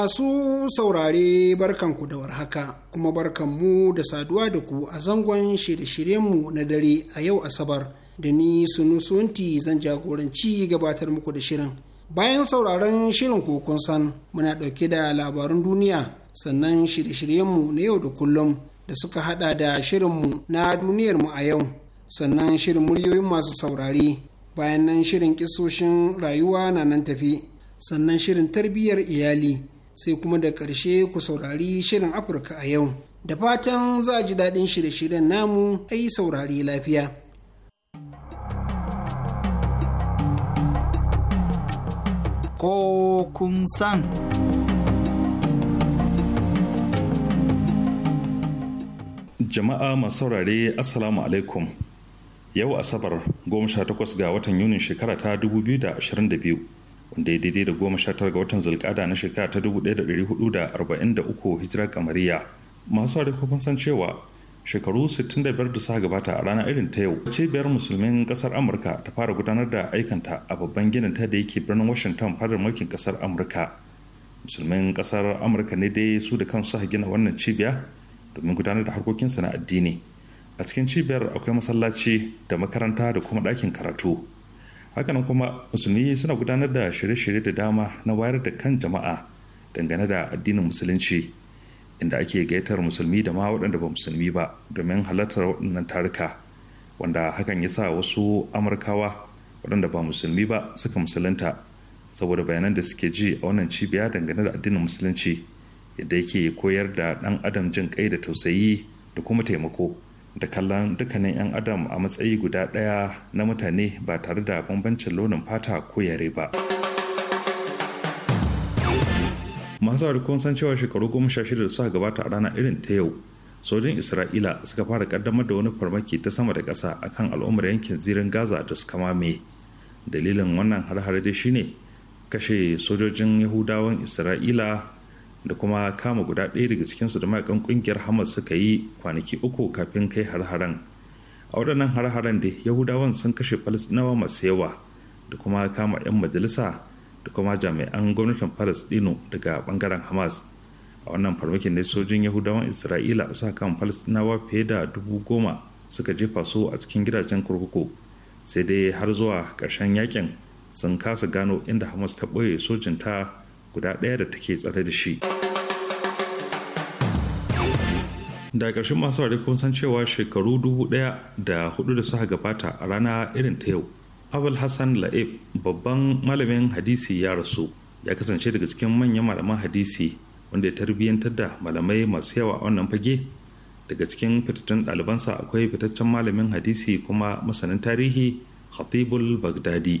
Masu saurare barkan ku da warhaka kuma barkan mu da saduwa da ku a zangon shirye-shiryenmu na dare a yau Asabar da ni sunusunti zan jagoranci gabatar muku da shirin. Bayan sauraron shirin kokon san muna ɗauke da labarun duniya sannan shirye-shiryenmu na yau da kullum da suka hada da shirinmu na duniyarmu a yau sannan shirin muryoyin masu saurare bayan nan shirin kisoshin rayuwa na nan tafi sannan shirin tarbiyyar iyali sai kuma da ƙarshe ku saurari shirin Afirka a yau. Da fatan za a ji daɗin shirye-shiryen namu ai saurari lafiya. Ko kun san. Jama'a masu saurare Assalamu alaikum. Yau Asabar 18 ga watan Yunin shekara ta 2022. wanda ya daidai da goma sha tara ga watan zulkada na shekara ta dubu ɗaya da ɗari hudu da arba'in da uku hijira kamariya masu ware kuma san cewa shekaru 65 da suka gabata a ranar irin ta yau cibiyar musulmin kasar amurka ta fara gudanar da aikanta a babban ginin ta da yake birnin washington fadar mulkin kasar amurka musulmin ƙasar amurka ne dai su da kansu suka gina wannan cibiya domin gudanar da harkokinsu na addini a cikin cibiyar akwai masallaci da makaranta da kuma ɗakin karatu hakanan kuma musulmi suna gudanar da shirye-shirye da dama na wayar da kan jama'a dangane da addinin musulunci inda ake gaitar musulmi da ma waɗanda ba musulmi ba domin halartar waɗannan taruka wanda hakan ya sa wasu amurkawa waɗanda ba musulmi ba suka musulunta saboda bayanan da suke ji a wannan cibiya dangane da addinin musulunci yadda yake koyar da ɗan adam jin kai da tausayi da kuma taimako da kallon dukkanin 'yan adam a matsayi guda ɗaya na mutane ba tare da bambancin launin fata ko yare ba masu harkokin san cewa shekaru goma sha shida da suka gabata a rana irin ta yau sojin isra'ila suka fara kaddamar da wani farmaki ta sama da ƙasa akan al'ummar yankin zirin gaza da suka mame dalilin wannan har-hare dai shine kashe sojojin yahudawan isra'ila da kuma kama guda ɗaya daga cikinsu da mayakan ƙungiyar hamas suka yi kwanaki uku kafin kai har-haren a waɗannan har-haren da yahudawan sun kashe falasɗinawa masu yawa da kuma kama 'yan majalisa da kuma jami'an gwamnatin falasɗinu daga ɓangaren hamas a wannan farmakin ne sojin yahudawan isra'ila suka kama falasɗinawa fiye da dubu goma suka jefa su a cikin gidajen kurkuku sai dai har zuwa ƙarshen yakin sun kasa gano inda hamas ta ɓoye sojin ta guda ɗaya da take tsare da shi da ƙarshen masu ware kun san cewa shekaru dubu ɗaya da hudu da suka gabata a rana irin ta yau abul hassan la'ib babban malamin hadisi ya rasu ya kasance daga cikin manyan malaman hadisi wanda ya tarbiyyantar da malamai masu yawa a wannan fage daga cikin fitattun ɗalibansa akwai fitaccen malamin hadisi kuma masanin tarihi khatibul bagdadi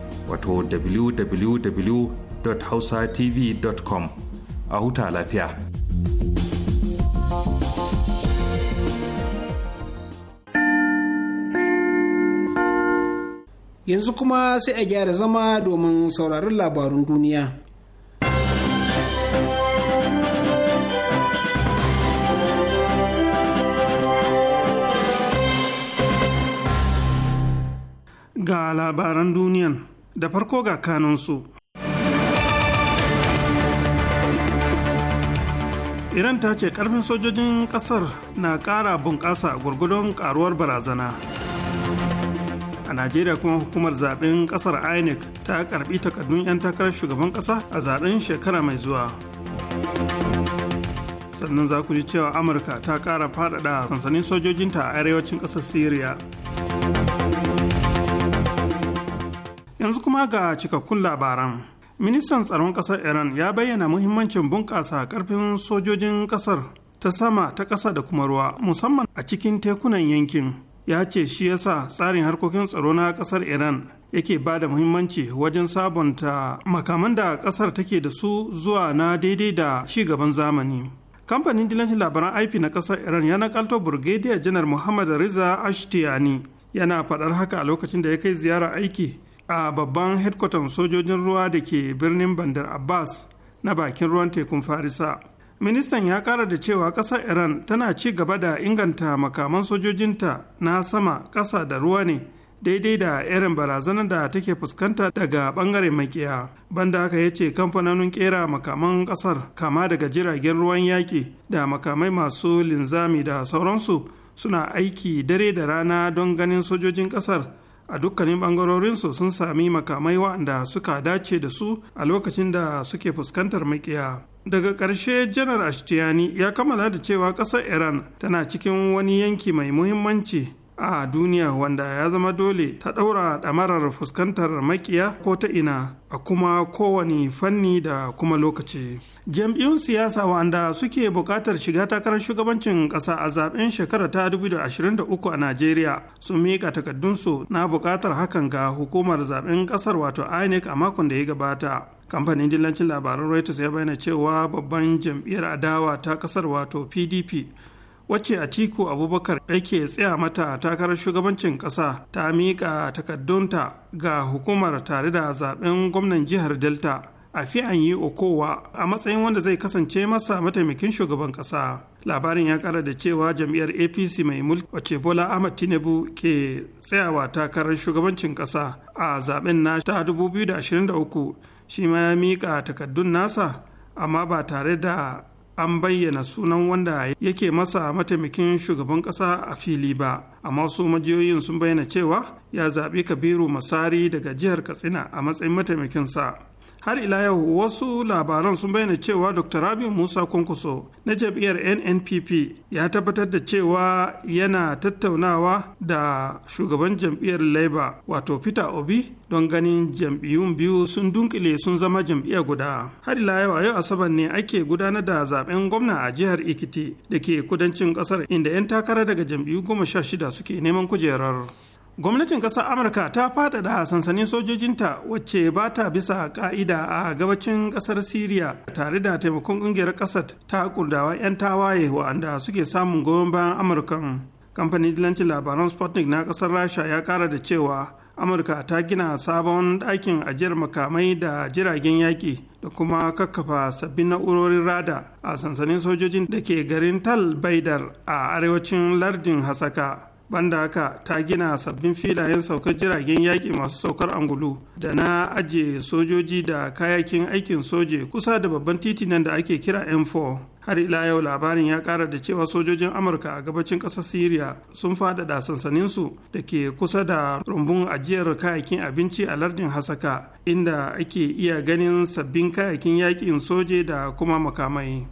wato www.hausatv.com a huta lafiya. Yanzu kuma sai a gyara zama domin sauraron labarun duniya. Ga labaran duniyan da farko ga kanunsu. Iran ta ce karfin sojojin kasar na ƙara bunƙasa gwargwadon ƙaruwar barazana. A Najeriya kuma hukumar zaɓen ƙasar INEC ta karɓi takardun 'yan takarar shugaban ƙasa a zaɓen shekara mai zuwa. Sannan za ku ji cewa Amurka ta ƙara faɗaɗa sansanin sojojinta a arewacin ƙasar Siriya. yanzu kuma ga cikakkun labaran ministan tsaron kasar iran ya bayyana muhimmancin bunƙasa ƙarfin sojojin ƙasar ta sama ta ƙasa da kuma ruwa musamman a cikin tekunan yankin ya ce shi yasa tsarin harkokin tsaro na ƙasar iran yake ba da muhimmanci wajen sabonta makaman da ƙasar take da su zuwa na daidai da ci gaban zamani kamfanin dilancin labaran ip na ƙasar iran ya nakalto burgediya janar muhammad riza ashtiyani yana faɗar haka a lokacin da ya kai ziyara aiki a babban hedkwatan sojojin ruwa da ke birnin bandar abbas na bakin ruwan tekun farisa ministan ya kara da cewa ƙasar iran tana ci gaba da inganta makaman sojojinta na sama ƙasa da ruwa ne daidai da irin barazanar da take fuskanta daga bangaren makiya banda haka ya ce kamfanonin kera makaman kasar kama daga jiragen ruwan yaƙi da makamai masu linzami da sauransu suna aiki dare da rana don ganin sojojin kasar a dukkanin bangarorinsu sun sami makamai waɗanda suka dace da su a lokacin da suke fuskantar maƙiya. daga ƙarshe janar ashtiyani ya kammala da cewa ƙasar iran tana cikin wani yanki mai muhimmanci a duniya wanda ya zama dole ta ɗaura ɗamarar fuskantar makiya ko ta ina a kuma kowane fanni da kuma lokaci. jam'iyyun siyasa wanda suke buƙatar shiga takarar shugabancin ƙasa a zaɓen shekara ta 2023 a najeriya sun miƙa takaddunsu na buƙatar hakan ga hukumar zaɓen ƙasar wato inec a makon da ya gabata kamfanin dillancin labaran reuters ya bayyana cewa babban jam'iyyar adawa ta ƙasar wato pdp wacce tiku Abubakar yake tsaya mata takarar shugabancin ƙasa ta miƙa takaddunta ga hukumar tare da zaben gwamnan jihar Delta a yi Okowa a matsayin wanda zai kasance masa mataimakin shugaban ƙasa. Labarin ya kara da cewa jam'iyyar APC mai mulki wacce Bola Ahmad Tinubu ke tsayawa takarar shugabancin ƙasa a zaben na ta 2023 shi ma ya miƙa takaddun nasa amma ba tare da an bayyana sunan wanda yake masa mataimakin shugaban ƙasa a fili ba amma su majiyoyin sun bayyana cewa ya zaɓi kabiru masari daga jihar katsina a matsayin mataimakinsa har ila yau wasu labaran sun bayyana cewa dr rabi musa kwankwaso na jam'iyyar nnpp ya tabbatar da cewa yana tattaunawa da shugaban jam'iyyar labour wato peter obi don ganin jam'iyyun biyu sun dunkile sun zama jam'iyya guda har ila yau a yau asabar ne ake gudanar da zaben gwamna a jihar ikiti da ke kudancin kasar inda 'yan takara daga jam'iyyu goma sha shida suke neman kujerar gwamnatin ƙasar amurka ta faɗaɗa sansanin sojojinta wacce ba ta bisa ƙa'ida a gabacin ƙasar syria tare da taimakon ƙungiyar ƙasar ta kurdawa 'yan tawaye wa'anda suke samun goyon bayan amurkan kamfanin dilancin labaran sputnik na ƙasar rasha ya kara da cewa amurka ta gina sabon ɗakin ajiyar makamai da jiragen yaƙi da kuma kakkafa sabbin na'urorin rada a sansanin sojojin da ke garin tal baidar a arewacin lardin hasaka banda haka ta gina sabbin filayen saukar jiragen yaƙi masu saukar angulu da na ajiye sojoji da kayakin aikin soje kusa da babban titi nan da ake kira m4 har ila yau labarin ya ƙara da cewa sojojin amurka a gabacin ƙasar syria sun faɗaɗa sansaninsu da ke kusa da rumbun ajiyar kayakin abinci a lardin hasaka inda ake iya ganin sabbin kayakin yaƙin soje da kuma makamai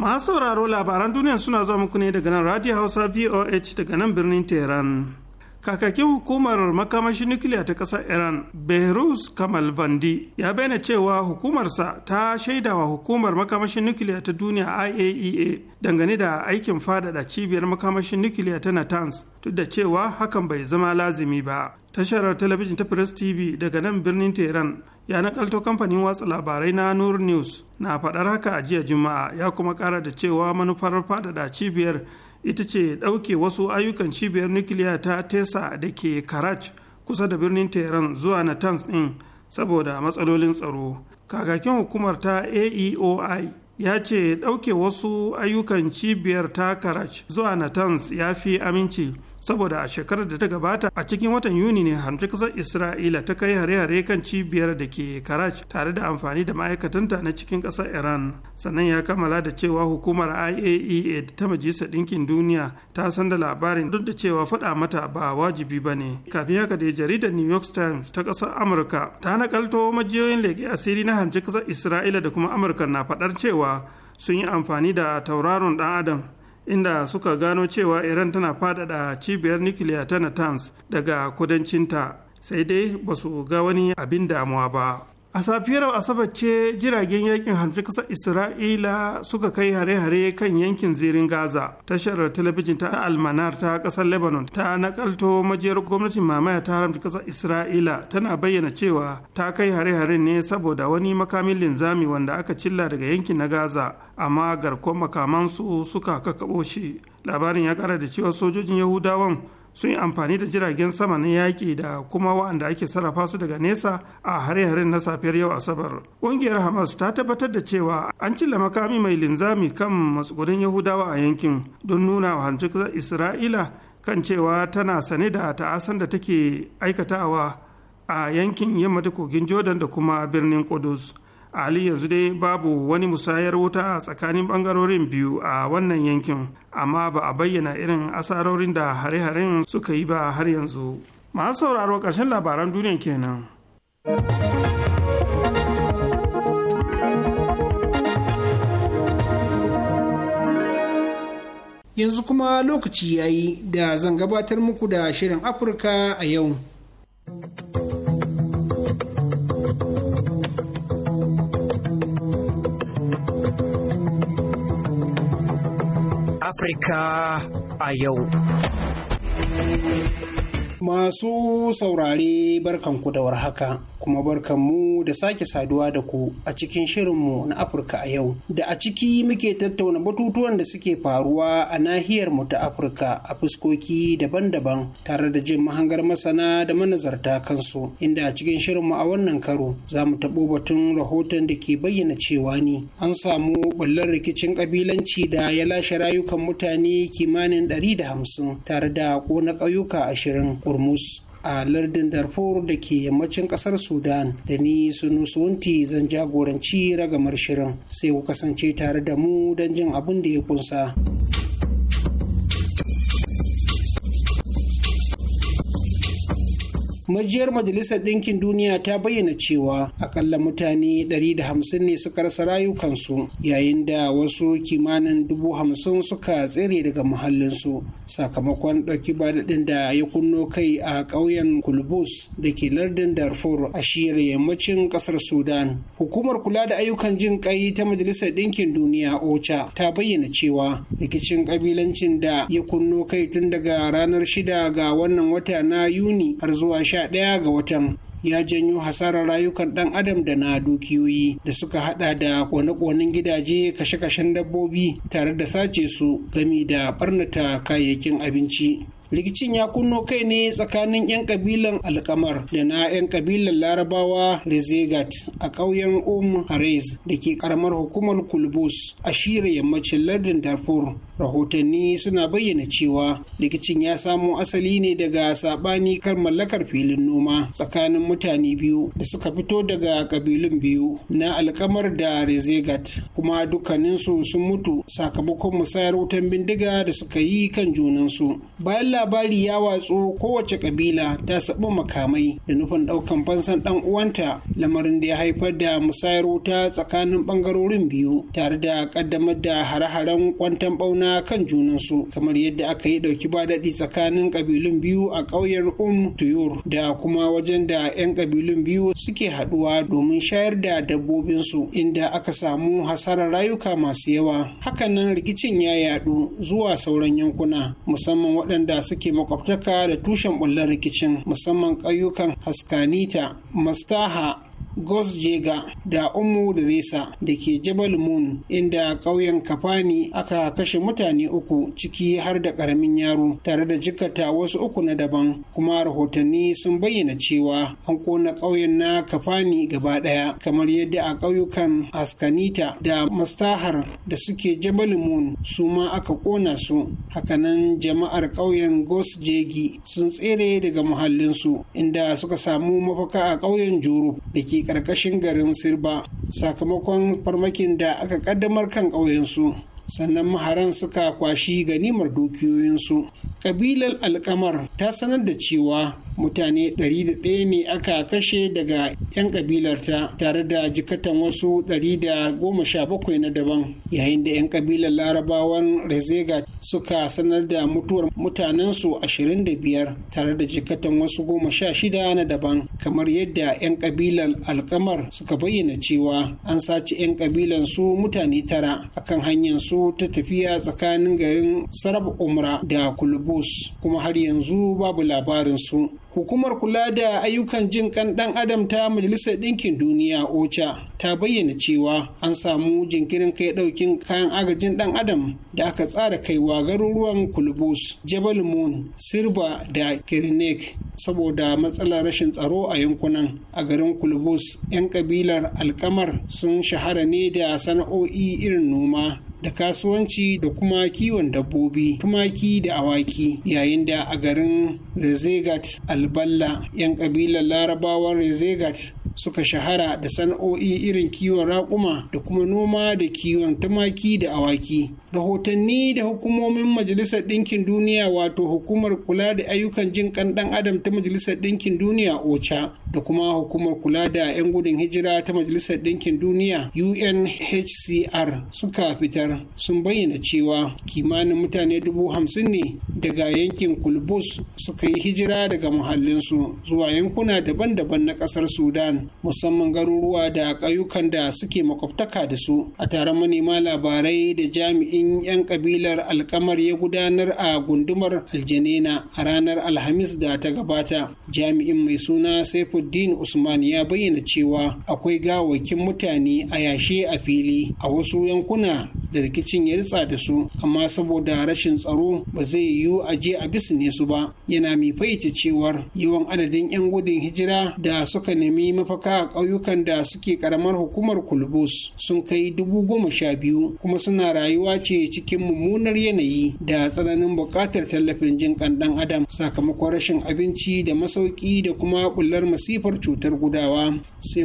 masu sauraro labaran duniya suna zuwa muku ne daga nan radio hausa voh daga nan birnin tehran kakakin hukumar makamashin nukiliya ta ƙasar iran behrus kamal bandi ya bayyana cewa hukumarsa ta shaida wa hukumar makamashin nukiliya ta duniya iaea e dangane da aikin fadada cibiyar makamashin nukiliya ta natanz duk da cewa hakan bai zama lazimi ba tashar talabijin ta press tv daga nan birnin tehran ya nakalto kamfanin watsa labarai na nur news na faɗar haka a jiya juma'a ya kuma ƙara da cewa manufar fadada cibiyar ita ce ɗauke wasu ayyukan cibiyar nukiliya ta tesa da ke karaj kusa da birnin tehran zuwa natanz ɗin saboda matsalolin tsaro kakakin hukumar ta aeoi ya ce ɗauke wasu ayyukan cibiyar ta karaj zuwa natanz ya fi aminci saboda a shekarar da ta gabata a cikin watan yuni ne harmci kasar isra'ila ta kai hare-hare kan cibiyar da ke karaj tare da amfani da ma'aikatanta na cikin kasar iran sannan ya kammala da cewa hukumar iaea e ta majalisar ɗinkin duniya ta san da labarin duk da cewa faɗa mata ba wajibi ba ne kafin haka da jaridar new york times ta ƙasar amurka ta nakalto majiyoyin leƙe asiri na harmci kasar isra'ila da kuma amurka na faɗar cewa sun yi amfani da tauraron dan adam inda suka gano cewa iran tana faɗaɗa cibiyar nukiliya ta natanz daga kudancinta sai dai ba su ga wani abin damuwa ba a safiyar asabar ce jiragen yakin hanfi kasar isra'ila suka kai hare-hare kan yankin zirin gaza tashar talabijin ta almanar ta kasar lebanon ta nakalto majiyar gwamnatin mamaya ta haramta kasar isra'ila tana bayyana cewa ta kai hare-hare ne saboda wani makamin linzami wanda aka cilla daga yankin na gaza amma garkon makamansu suka kakkaɓo shi labarin ya kara da cewa sojojin yahudawan sun yi amfani da jiragen sama na yaƙi da kuma wa'anda ake sarrafa su daga nesa a hare-haren na safiyar yau asabar ƙungiyar hamas ta tabbatar da cewa an cilla makami mai linzami kan matsugunan yahudawa a yankin don nuna wa hamjikar isra'ila kan cewa tana sane da ta'asan da take aikatawa a yankin yamma da kogin jordan da kuma birnin kudus a yanzu dai babu wani musayar wuta a tsakanin bangarorin biyu a wannan yankin amma ba a bayyana irin asarorin da hare-haren suka yi ba har yanzu masu sauraro ƙarshen labaran duniya kenan yanzu kuma lokaci yayi da zan gabatar muku da shirin afirka a yau Afirka a yau. Masu saurare barkanku da warhaka kuma barkanmu da sake saduwa da ku a cikin shirinmu na Afirka a yau da a ciki muke tattauna batutuwan da suke faruwa a nahiyar mu ta Afirka a fuskoki daban-daban tare da jin mahangar masana da manazarta kansu inda a cikin shirinmu a wannan karo za mu taɓo batun rahoton da ke bayyana cewa ne an samu ɓullar rikicin ƙabilanci da ya lashe rayukan mutane kimanin ɗari da hamsin tare da ƙona ƙauyuka ashirin hormuz a lardin darfur da ke yammacin kasar sudan da ni sunusunti zan jagoranci ragamar shirin sai ku kasance tare da mu don jin abin da ya kunsa. majiyar majalisar ɗinkin duniya ta bayyana cewa akalla mutane 150 ne suka rasa rayukansu yayin da wasu kimanin dubu hamsin suka tsere daga muhallinsu sakamakon ɗauki baɗaɗin da ya kunno kai a ƙauyen kulbus da ke lardin darfur a shiyar yammacin ƙasar sudan hukumar kula da ayyukan jin ƙai ta majalisar ɗinkin duniya ocha ta bayyana cewa rikicin ƙabilancin da ya kunno kai tun daga ranar shida ga wannan wata na yuni har zuwa sha 11 ga watan ya janyo hasarar rayukan ɗan adam da na dukiyoyi da suka hada da kone-konen gidaje kashe-kashen dabbobi tare da sace su gami da barnata kayayyakin abinci rikicin ya kunno kai ne tsakanin 'yan kabilan alkamar da na 'yan kabilan larabawa rezegat a ƙauyen um haris da ke karamar hukumar kulbus a shirya yammacin lardin darfur rahotanni suna bayyana cewa rikicin ya samo asali ne daga sabani kan mallakar filin noma tsakanin mutane biyu da suka fito daga kabilun biyu na alkamar da rezegat kuma dukkaninsu sun mutu sakamakon musayar wutan bindiga da suka yi kan junansu bayan labari ya watsu kowace kabila ta saɓi makamai da nufin ɗaukan fansan ɗan uwanta lamarin da ya haifar da musayar wuta tsakanin ɓangarorin biyu tare da ƙaddamar da hare-haren kwantan ɓauna juna kan junansu kamar yadda aka yi ɗauki ba daɗi tsakanin ƙabilun biyu a ƙauyen um tuyur da kuma wajen da 'yan ƙabilun biyu suke haɗuwa domin shayar da dabbobinsu inda aka samu hasarar rayuka masu yawa hakanan rikicin ya yaɗu zuwa sauran yankuna musamman waɗanda suke makwabtaka da tushen ɓullar rikicin musamman ƙauyukan haskanita mastaha Gosjega da Umu da Resa da ke Jabal Moon inda ƙauyen Kafani aka kashe mutane uku ciki har da ƙaramin yaro tare da jikata wasu uku na daban kuma rahotanni sun bayyana cewa an kona ƙauyen na Kafani gaba ɗaya kamar yadda a ƙauyukan Askanita da Mastahar da suke Jabal Moon su ma aka kona su hakanan jama'ar ƙauyen Gosjegi sun tsere daga muhallinsu inda suka samu mafaka a ƙauyen Jorub da ke karkashin ƙarƙashin garin sirba sakamakon farmakin da aka ƙaddamar kan ƙauyensu sannan maharan suka kwashi ganimar dukiyoyinsu ƙabilar alkamar ta sanar da cewa mutane ɗari da ɗaya ne aka kashe daga 'yan kabilarta tare da jikatan wasu da goma sha bakwai na daban yayin da 'yan kabilar larabawan rezega suka sanar da mutuwar mutanensu ashirin da biyar, tare da jikatan wasu goma sha shida na daban kamar yadda 'yan kabilar alkamar suka bayyana cewa an sace 'yan kabilan su mutane tara akan hanyar su ta tafiya tsakanin garin sarab umra da kulubus kuma har yanzu babu labarin su hukumar kula da ayyukan jin kan ɗan adam ta majalisar ɗinkin duniya ocha ta bayyana cewa an samu jinkirin kai ɗaukin kayan agajin ɗan adam da aka tsara kaiwa garuruwan kulubus jebel moon sirba da kirnek saboda matsalar rashin tsaro a yankunan a garin kulubus 'yan ƙabilar alkamar sun shahara ne da sana'o'i irin noma da kasuwanci da kuma kiwon dabbobi tumaki da awaki yayin da a garin rezegat alballa 'yan kabilar larabawan rezegat suka shahara da sana'o'i irin kiwon raƙuma da kuma noma da kiwon tumaki da awaki rahotanni da hukumomin majalisar ɗinkin duniya wato hukumar kula da ayyukan jin ɗan adam ta majalisar ɗinkin duniya ocha da kuma hukumar kula da 'yan gudun hijira ta majalisar ɗinkin duniya unhcr suka fitar sun bayyana cewa kimanin mutane dubu hamsin ne daga yankin kulbus suka yi hijira daga muhallinsu zuwa yankuna daban-daban na ƙasar sudan musamman garuruwa da ƙauyukan da suke makwabtaka da su a taron manema labarai da jami'in 'yan kabilar alkamar ya gudanar a gundumar aljanena a ranar alhamis da ta gabata jami'in mai suna saiful shamsuddin usman ya bayyana cewa akwai gawakin mutane a yashe a fili a wasu yankuna da rikicin ya ritsa da su amma saboda rashin tsaro ba zai yiwu a je a ne su ba yana mai faice cewar yawan adadin 'yan gudun hijira da suka nemi mafaka a ƙauyukan da suke karamar hukumar kulbus sun kai dubu goma sha biyu kuma suna rayuwa ce cikin mummunar yanayi da tsananin buƙatar tallafin jin kan ɗan adam sakamakon rashin abinci da masauki da kuma bullar masifar cutar gudawa sai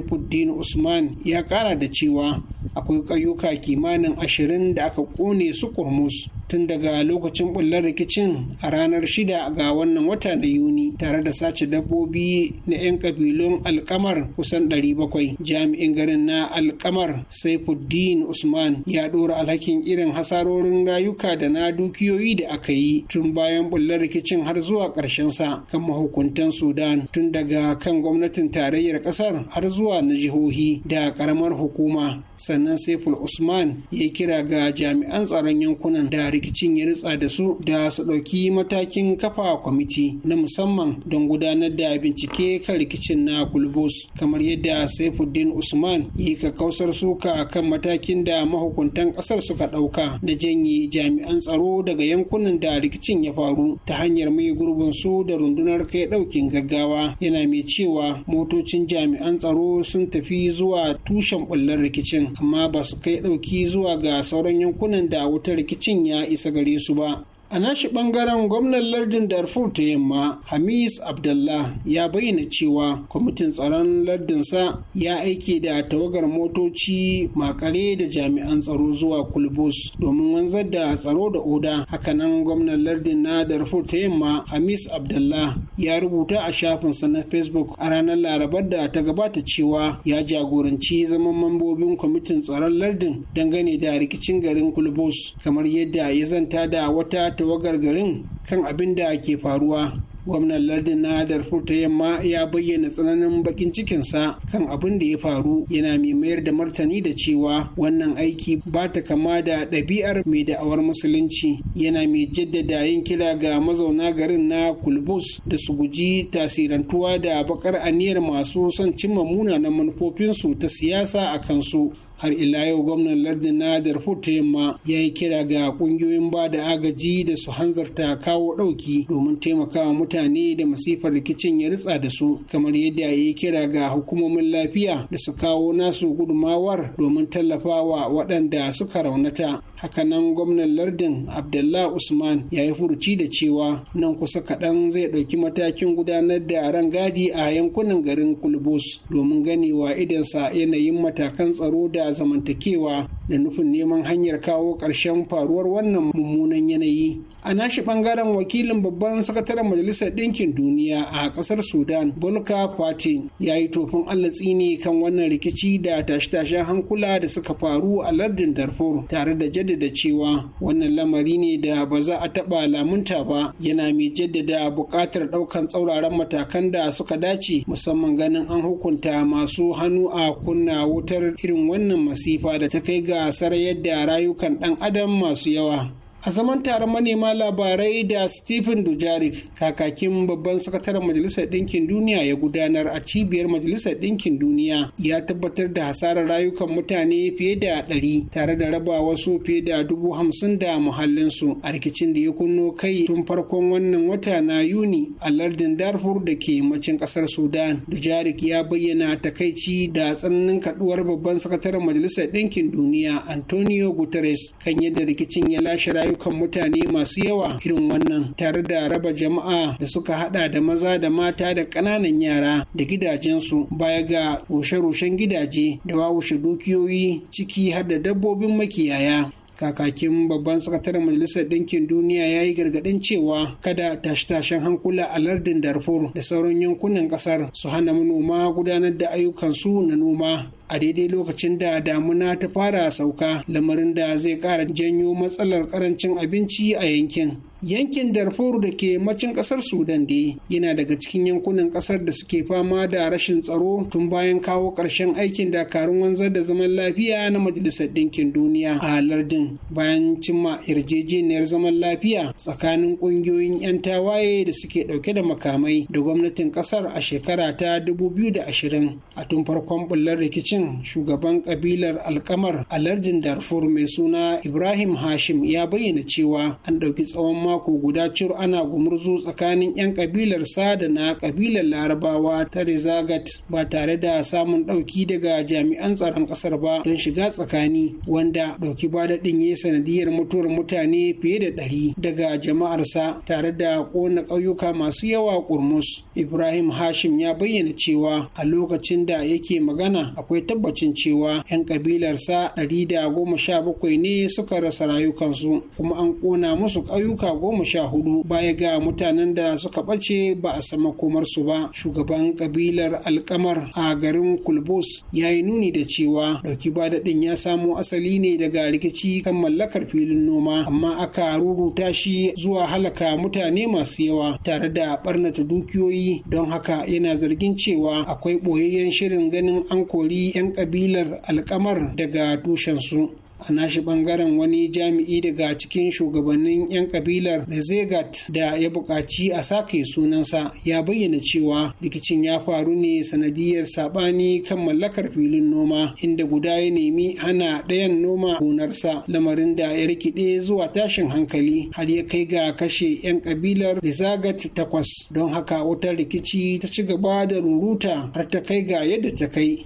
usman ya ƙara da cewa akwai ƙauyuka kimanin ashirin gandun da aka ƙone su kurmus tun daga lokacin bullar rikicin a ranar shida ga wannan wata na yuni tare da sace dabbobi na 'yan kabilun alkamar kusan 700 jami'in garin na alkamar saifuddin usman ya dora alhakin irin hasarorin rayuka da na dukiyoyi da aka yi tun bayan bullar rikicin har zuwa ƙarshen sa kan mahukuntan sudan tun daga kan gwamnatin tarayyar ƙasar har zuwa na jihohi da ƙaramar hukuma sannan saiful usman ya kira ga jami'an tsaron yankunan da rikicin ya ritsa da su da su ɗauki matakin kafa kwamiti na musamman don gudanar da bincike kan rikicin na kulbus kamar yadda saifuddin usman ya yi kakausar suka kan matakin da mahukuntan ƙasar suka ɗauka na janye jami'an tsaro daga yankunan da rikicin ya faru ta hanyar mai gurbin su da rundunar kai ɗaukin gaggawa yana mai cewa motocin jami'an tsaro sun tafi zuwa tushen ɓullar rikicin amma ba su kai ɗauki zuwa ga sauran yankunan da wutar rikicin ya isa gare su ba A nashi bangaren gwamnan lardin Darfur ta yamma Hamis Abdullah ya bayyana cewa kwamitin tsaron lardinsa ya aike da tawagar motoci makare da jami'an tsaro zuwa Kulbus domin wanzar da tsaro da oda. Hakanan gwamnan lardin na Darfur ta yamma Hamis Abdullah ya rubuta a shafinsa na Facebook a ranar Larabar da ta gabata cewa ya jagoranci zaman mambobin kwamitin tsaron lardin dangane da rikicin garin Kulbus kamar yadda ya zanta da wata tawagar garin kan abin da ke faruwa gwamnan lardin na darfur ta yamma ya bayyana tsananin bakin cikinsa kan abin da ya faru yana mai mayar da martani da cewa wannan aiki ba ta kama da ɗabi'ar mai da'awar musulunci yana mai jaddada yin kira ga mazauna garin na kulbus da su guji tasirantuwa da bakar aniyar masu son cimma munanan manufofinsu ta siyasa a kansu har ila yau gwamnan lardin na darfur ta yamma ya yi kira ga kungiyoyin ba da agaji da su hanzarta kawo ɗauki domin taimakawa mutane da masifar rikicin ya ritsa da su kamar yadda ya yi kira ga hukumomin lafiya da su kawo nasu gudumawar domin tallafawa waɗanda suka raunata hakanan gwamnan lardin abdullah usman ya yi furuci da cewa nan kusa kaɗan zai ɗauki matakin gudanar da gadi a yankunan garin kulbus domin ganewa idansa yanayin matakan tsaro da zamantakewa da nufin neman hanyar kawo ƙarshen faruwar wannan mummunan yanayi a nashi bangaren wakilin babban sakataren majalisar ɗinkin duniya a kasar sudan bulka fatin ya yi tofin allah ne kan wannan rikici da tashe-tashen hankula da suka faru a lardin darfur tare da jaddada cewa wannan lamari ne da ba za a taɓa lamunta ba yana mai jaddada buƙatar ɗaukan tsauraran matakan da suka dace musamman ganin an hukunta masu hannu a kunna wutar irin wannan masifa da ta kai ga sarayar da rayukan ɗan adam masu yawa a zaman taron manema labarai da stephen dujarik kakakin babban sakataren majalisar ɗinkin duniya ya gudanar a cibiyar majalisar ɗinkin duniya ya tabbatar da hasarar rayukan mutane fiye da ɗari tare da raba wasu fiye da dubu hamsin da muhallinsu a rikicin da ya kunno kai tun farkon wannan wata na yuni a lardin darfur da ke macin ƙasar sudan dujarik ya bayyana takaici da tsananin kaduwar babban sakataren majalisar ɗinkin duniya antonio guterres kan yadda rikicin ya lashe rayu. ɗaukan mutane masu yawa irin wannan tare da raba jama'a da suka hada da maza da mata da ƙananan yara da gidajensu baya ga rushe-rushen gidaje da wawushe dukiyoyi ciki har da dabbobin makiyaya kakakin babban sakataren majalisar ɗinkin duniya ya yi gargaɗin cewa kada tashe-tashen hankula a lardin darfur da sauran yankunan ƙasar su hana manoma gudanar da ayyukansu na noma a daidai lokacin da damuna ta fara sauka lamarin da zai ƙara janyo matsalar ƙarancin abinci a yankin yankin darfur da ke macin kasar sudan dai yana daga cikin yankunan kasar da suke fama da rashin tsaro tun bayan kawo ƙarshen aikin dakarun wanzar da zaman lafiya na majalisar ɗinkin duniya a lardin bayan cimma yarjejeniyar zaman lafiya tsakanin ƙungiyoyin 'yan tawaye da suke ɗauke da makamai da gwamnatin ƙasar a shekara ta 2020 a tun farkon bullar rikicin shugaban ƙabilar alkamar a lardin darfur mai suna ibrahim hashim ya bayyana cewa an ɗauki tsawon mako guda cur ana gumurzu tsakanin 'yan kabilar sa da na kabilar larabawa ta rizagat ba tare da samun ɗauki daga jami'an tsaron ƙasar ba don shiga tsakani wanda ɗauki ba da ya sanadiyar mutuwar mutane fiye da ɗari daga jama'arsa tare da ƙona ƙauyuka masu yawa ƙurmus ibrahim hashim ya bayyana cewa a lokacin da yake magana akwai tabbacin cewa 'yan kabilarsa ɗari da goma sha bakwai ne suka rasa rayukansu kuma an ƙona musu ƙauyuka goma sha hudu baya ga mutanen da suka ɓace ba a sama su ba shugaban kabilar alkamar a garin kulbos ya yi nuni da cewa ɗauki ba daɗin ya samo asali ne daga rikici kan mallakar filin noma amma aka rubuta shi zuwa halaka mutane masu yawa tare da ɓarnata dukiyoyi don haka yana zargin cewa akwai ɓoyayyen shirin ganin an kori 'yan kabilar alkamar daga tushensu a nashi bangaren wani jami'i daga cikin shugabannin 'yan kabilar zegat da ya buƙaci a sake sunansa ya bayyana cewa rikicin ya faru ne sanadiyar saɓani kan mallakar filin noma inda guda ya nemi hana ɗayan noma gonarsa lamarin da ya rikide zuwa tashin hankali har ya kai ga kashe 'yan kabilar zagat takwas don haka wata rikici ta ci gaba da ruruta har ta kai ga yadda ta kai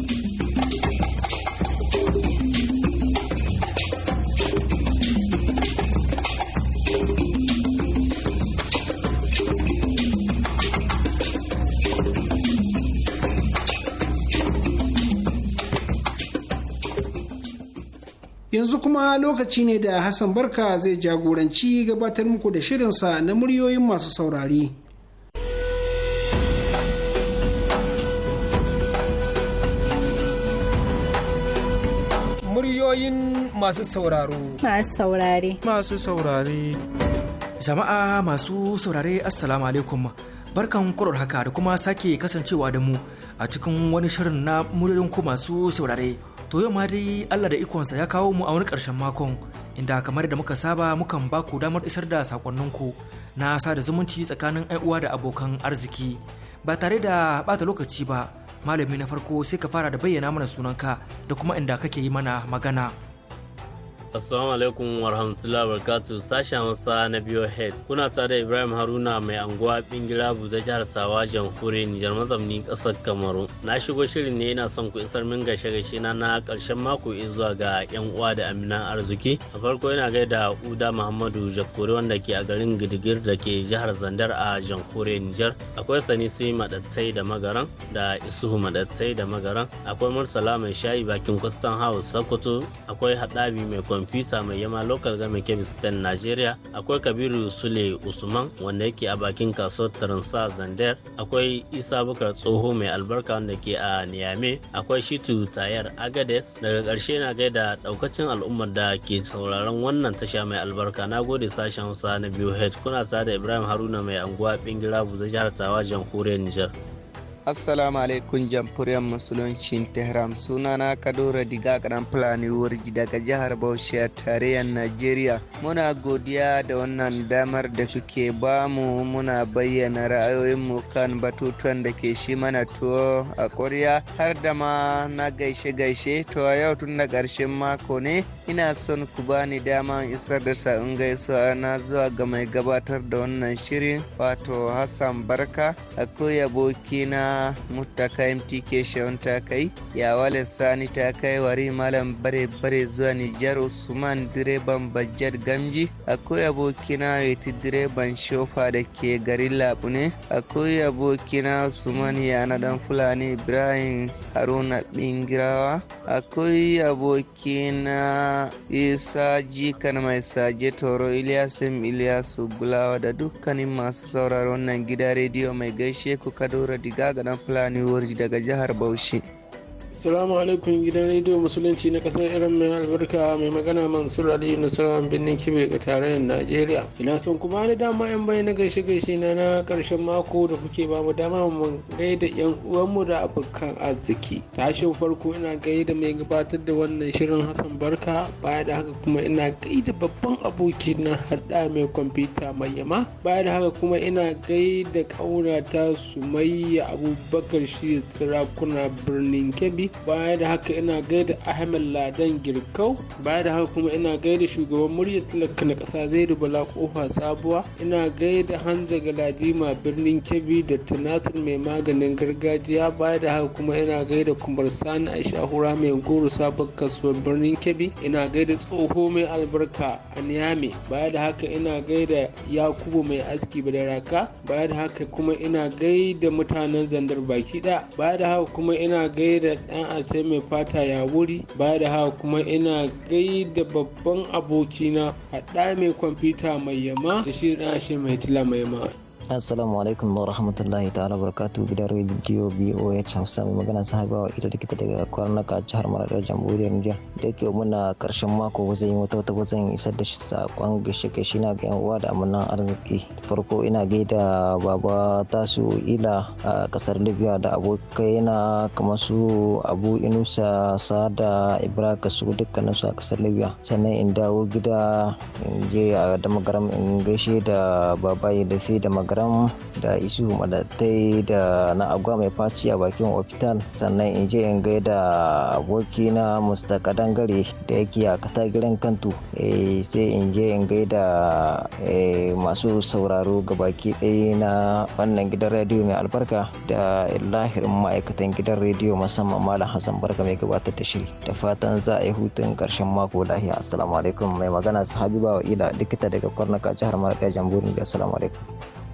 yanzu kuma lokaci ne da Hassan Barka zai jagoranci gabatar muku da shirinsa na muryoyin masu saurari. Muryoyin masu sauraro. Masu saurare. Masu saurare. Jama'a masu saurare Assalamu alaikum. Barkan kurar haka da kuma sake kasancewa da mu a cikin wani shirin na muryoyin ku masu saurare. To yau ma dai Allah da ikonsa ya kawo mu a wani ƙarshen makon inda kamar da muka saba mukan ba ku damar isar da sakonninku na sada zumunci tsakanin uwa da abokan arziki ba tare da bata lokaci ba malami na farko sai ka fara da bayyana mana sunanka da kuma inda kake yi mana magana. Assalamu alaikum wa rahmatullahi wa sashen Hausa na biyo head kuna tare da Ibrahim Haruna mai anguwa Bingila Buza jihar Tawa jamhuriyar Nijar mazamni kasar Kamaru na shigo shirin ne yana son ku isar min gashe gashe na na karshen mako zuwa ga yan uwa da amina arziki a farko yana gaida Uda Muhammadu Jakure wanda ke a garin Gidigir da ke jihar Zandar a jamhuriyar Nijar akwai Sanisi Madattai da Magaran da Isuhu Madattai da Magaran akwai Murtala mai shayi bakin Kwastan House Sokoto akwai Hadabi mai kwamfuta mai yama local government kebis ten nigeria akwai kabiru sule usman wanda yake a bakin kasuwar taransa zander akwai isa bukar tsoho mai albarka wanda ke a niyame akwai shitu tayar agades daga ƙarshe na gaida daukacin al'ummar da ke sauraron wannan tasha mai albarka na gode sashen hausa na biyu kuna tare da ibrahim haruna mai anguwa bingira buza jihar tawa jamhuriyar nijar assalamu alaikum jamhuriyar musuluncin tehran sunana kadora diga kadan fulani wurji daga jihar bauchi a tarayyar najeriya muna godiya da wannan damar da kuke bamu muna bayyana mu kan batutuwan da ke shi mana tuwo a ƙwarya har da ma na gaishe gaishe to a yau tun da ƙarshen mako ne ina son ku bani dama isar da sa'in gaisuwa na zuwa ga mai gabatar da wannan shirin wato hassan barka akwai abokina mutakai mtk shawon ta kai yawale sani ta kai wari malam bare bare zuwa nijar usman direban bajjar gamji akwai abokina yati direban shofa da ke garin labune akwai abokina usman yana dan fulani ibrahim haruna bingirawa akwai abokina isa jikan mai saje toro iliyasim iliasu bulawa da dukkanin masu sauraron nan gida rediyo mai gaishe ku kadora digaga daga fulani wurji daga jihar Bauchi. Assalamu alaikum gidan rediyo musulunci na kasar Iran mai albarka mai magana Mansur Ali Nusra birnin Kibir ga tarayyar Najeriya. Ina son kuma da dama yan bayan na gaishe gaishe na na karshen mako da kuke ba mu dama mu da yan uwanmu da abokan arziki. Tashin farko ina gaida mai gabatar da wannan shirin Hassan Barka baya da haka kuma ina gai da babban aboki na hada mai kwamfuta mai yama baya da haka kuma ina gai gaida kaunata Sumayya Abubakar shi sarakuna birnin Kebbi baya da haka ina gaida ahmed ladan girkau baya da haka kuma ina gaida shugaban muryar talaka na ƙasa zaidu bala kofa sabuwa ina gaida hanza ma birnin kebbi da tunasir mai maganin gargajiya baya da haka kuma ina gaida kumbar sani aisha hura mai goro sabon kasuwar birnin kebbi ina gaida tsoho mai albarka a niyame baya da haka ina gaida yakubu mai aski badaraka baya da haka kuma ina gaida mutanen zandar baki da baya da haka kuma ina gaida sana'a sai mai fata ya wuri baya da haka kuma ina gaida babban abokina haɗa mai kwamfuta mai yama da shi ɗan ashe mai tila mai yama Assalamu alaikum wa rahmatullahi ta'ala barakatuhu gidan rediyo BOH Hausa mai magana sahabawa ita da kita daga kwarnaka jihar Maradar Jamhuriyar Nijar. Da yake muna karshen mako zan yi wata wata zan isa da kwan gashe gashi na ga yan uwa da amanan arziki. Farko ina gaida baba tasu ila a kasar Libya da abokai na kamar su Abu Inusa Sada Ibrahim su dukkanin su a kasar Libya. Sannan in dawo gida in je a damagaram in gaishe da babaye da fi da magaram karam da isu madatai da na agwa mai faci a bakin ofital sannan in je in gaida aboki na musta kadangare da yake a katagiren kantu eh, sai in je in gaida eh, masu sauraro gabaki ɗaya na wannan gidan rediyo mai albarka da lahirin ma'aikatan gidan rediyo musamman malam hassan barka mai gabatar da shiri da fatan za a yi hutun karshen mako lahiya assalamu alaikum mai magana su habiba wa ila likita daga kwarnaka jihar marka jamhuriyar assalamu alaikum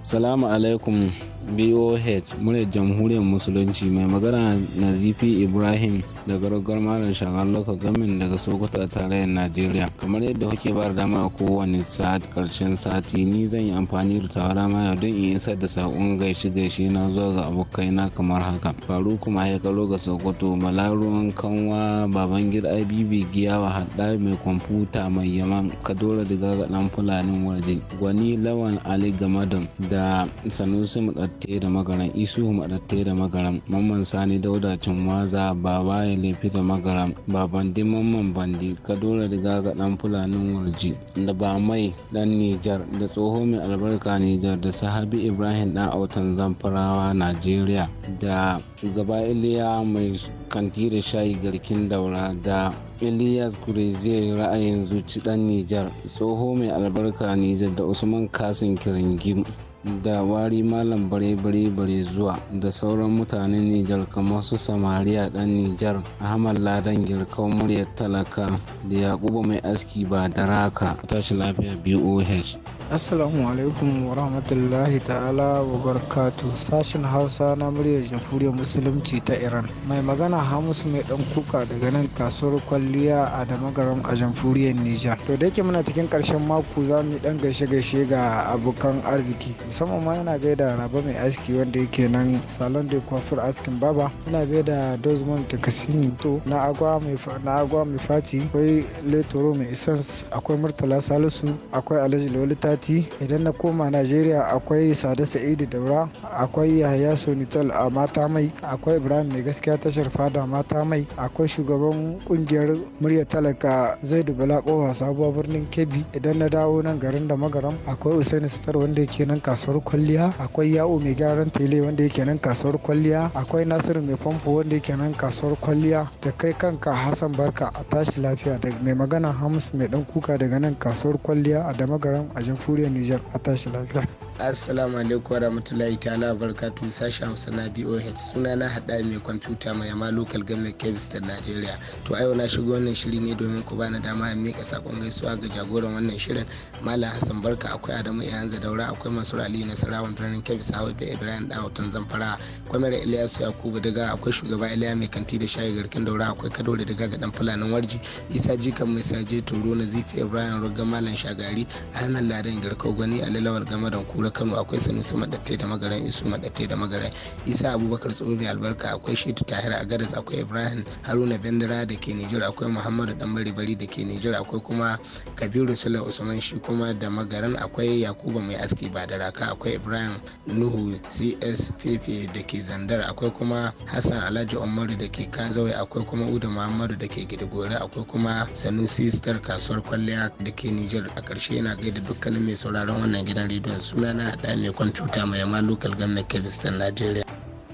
salamu alaikum boh murya jamhuriyar musulunci mai magana nazifi ibrahim daga ragar malam shagar loka gamin daga sokoto a tarayyar najeriya kamar yadda kuke ba da dama a kowane sa'at karshen sati ni zan yi amfani da tawara ma don in isar da saƙon gaishe gaishe na zuwa ga abokaina kamar haka faru kuma haikalo ga sokoto malaruwan kanwa baban gida abibi wa haɗa mai kwamfuta mai yaman kadora daga ga ɗan fulanin waje gwani lawan ali gamadan da sanusi madatte da magaran isu madatte da magaran mamman sani wadacin waza baba ya lefi da magaran babandi mamman bandi kadora riga ga dan fulanin wurji da ba mai dan nijar da tsoho mai albarka nijar da sahabi ibrahim dan autan zamfarawa najeriya da shugaba iliya mai kanti da shayi garkin daura da Ilyas Kurezi ra'ayin zuci dan Nijar, tsoho mai albarka Nijar da Usman Kasim Kiringim. da wari malam bare bare bare zuwa da sauran mutanen Nijar kamar su Samariya dan Nijar Ahmad Ladan Girkau muryar talaka da Yakubu mai aski ba da raka tashi lafiya BOH. Assalamu alaikum wa rahmatullahi ta'ala wa barakatu sashen Hausa na muryar jamhuriyar Musulunci ta Iran. Mai magana Hamisu mai dan kuka daga nan kasuwar kwalliya a Damagaram a jamhuriyar Nijar. To da yake muna cikin karshen mako za mu dan gaishe gaishe ga abokan arziki. Musamman ma yana gaida Raba mai aski wanda yake nan Salon de Coiffure askin Baba. Yana gaida Dozman Takasimi to na agwa mai na agwa mai faci akwai Letoro mai Essence akwai Murtala Salisu akwai Alhaji Lolita sati idan na koma najeriya akwai sada sa'idu daura akwai yahaya sonital a mata mai akwai ibrahim mai gaskiya tashar fada mata mai akwai shugaban kungiyar murya talaka zaidu bala kowa sabuwar birnin kebbi idan na dawo nan garin da magaram akwai usaini sitar wanda yake nan kasuwar kwalliya akwai yawo mai gyaran tele wanda yake nan kasuwar kwalliya akwai nasiru mai famfo wanda yake nan kasuwar kwalliya da kai kanka hassan barka a tashi lafiya da mai magana Hamisu mai dan kuka daga nan kasuwar kwalliya a damagaram a jamfa jamhuriyar Nijar a tashi lafiya. Assalamu alaikum warahmatullahi ta'ala barkatu sashi Hausa na BOH suna na hada mai kwamfuta mai yama local government Kebbi da Najeriya. To a yau na shigo wannan shiri ne domin ku bani dama in mika sakon gaisuwa ga jagoran wannan shirin Malam Hassan Barka akwai Adamu Iyanza Daura akwai Mansur Ali Nasarawan birnin Kebbi Sahau da Ibrahim Dawotan Zamfara akwai Mara Ilyasu Yakubu daga akwai shugaba Ilya mai kanti da shayi garkin Daura akwai Kadore daga ga dan Fulanin Warji Isa Jikan mai saje Toro nazifi Ibrahim Ruga Malam Shagari Ahmed Ladan ibrahim gani a lalawar lawal kura kano akwai sanusi madatte da magaran isu madatte da magaran isa abubakar tsohon albarka akwai shetu tahir a gadas akwai ibrahim haruna bendera da ke nijar akwai muhammadu dan bari bari da ke nijar akwai kuma kabiru sula usman shi kuma da magaran akwai yakuba mai aski ba da raka akwai ibrahim nuhu cspp da ke zandar akwai kuma hassan alhaji umaru da ke kazawai akwai kuma uda muhammadu da ke gidigore akwai kuma sanusi star kasuwar kwalliya da ke nijar a karshe yana gaida dukkanin mai sauraron wannan gidan rediyon suna na haɗa mai kwamfuta mai yamma local government kevistan nigeria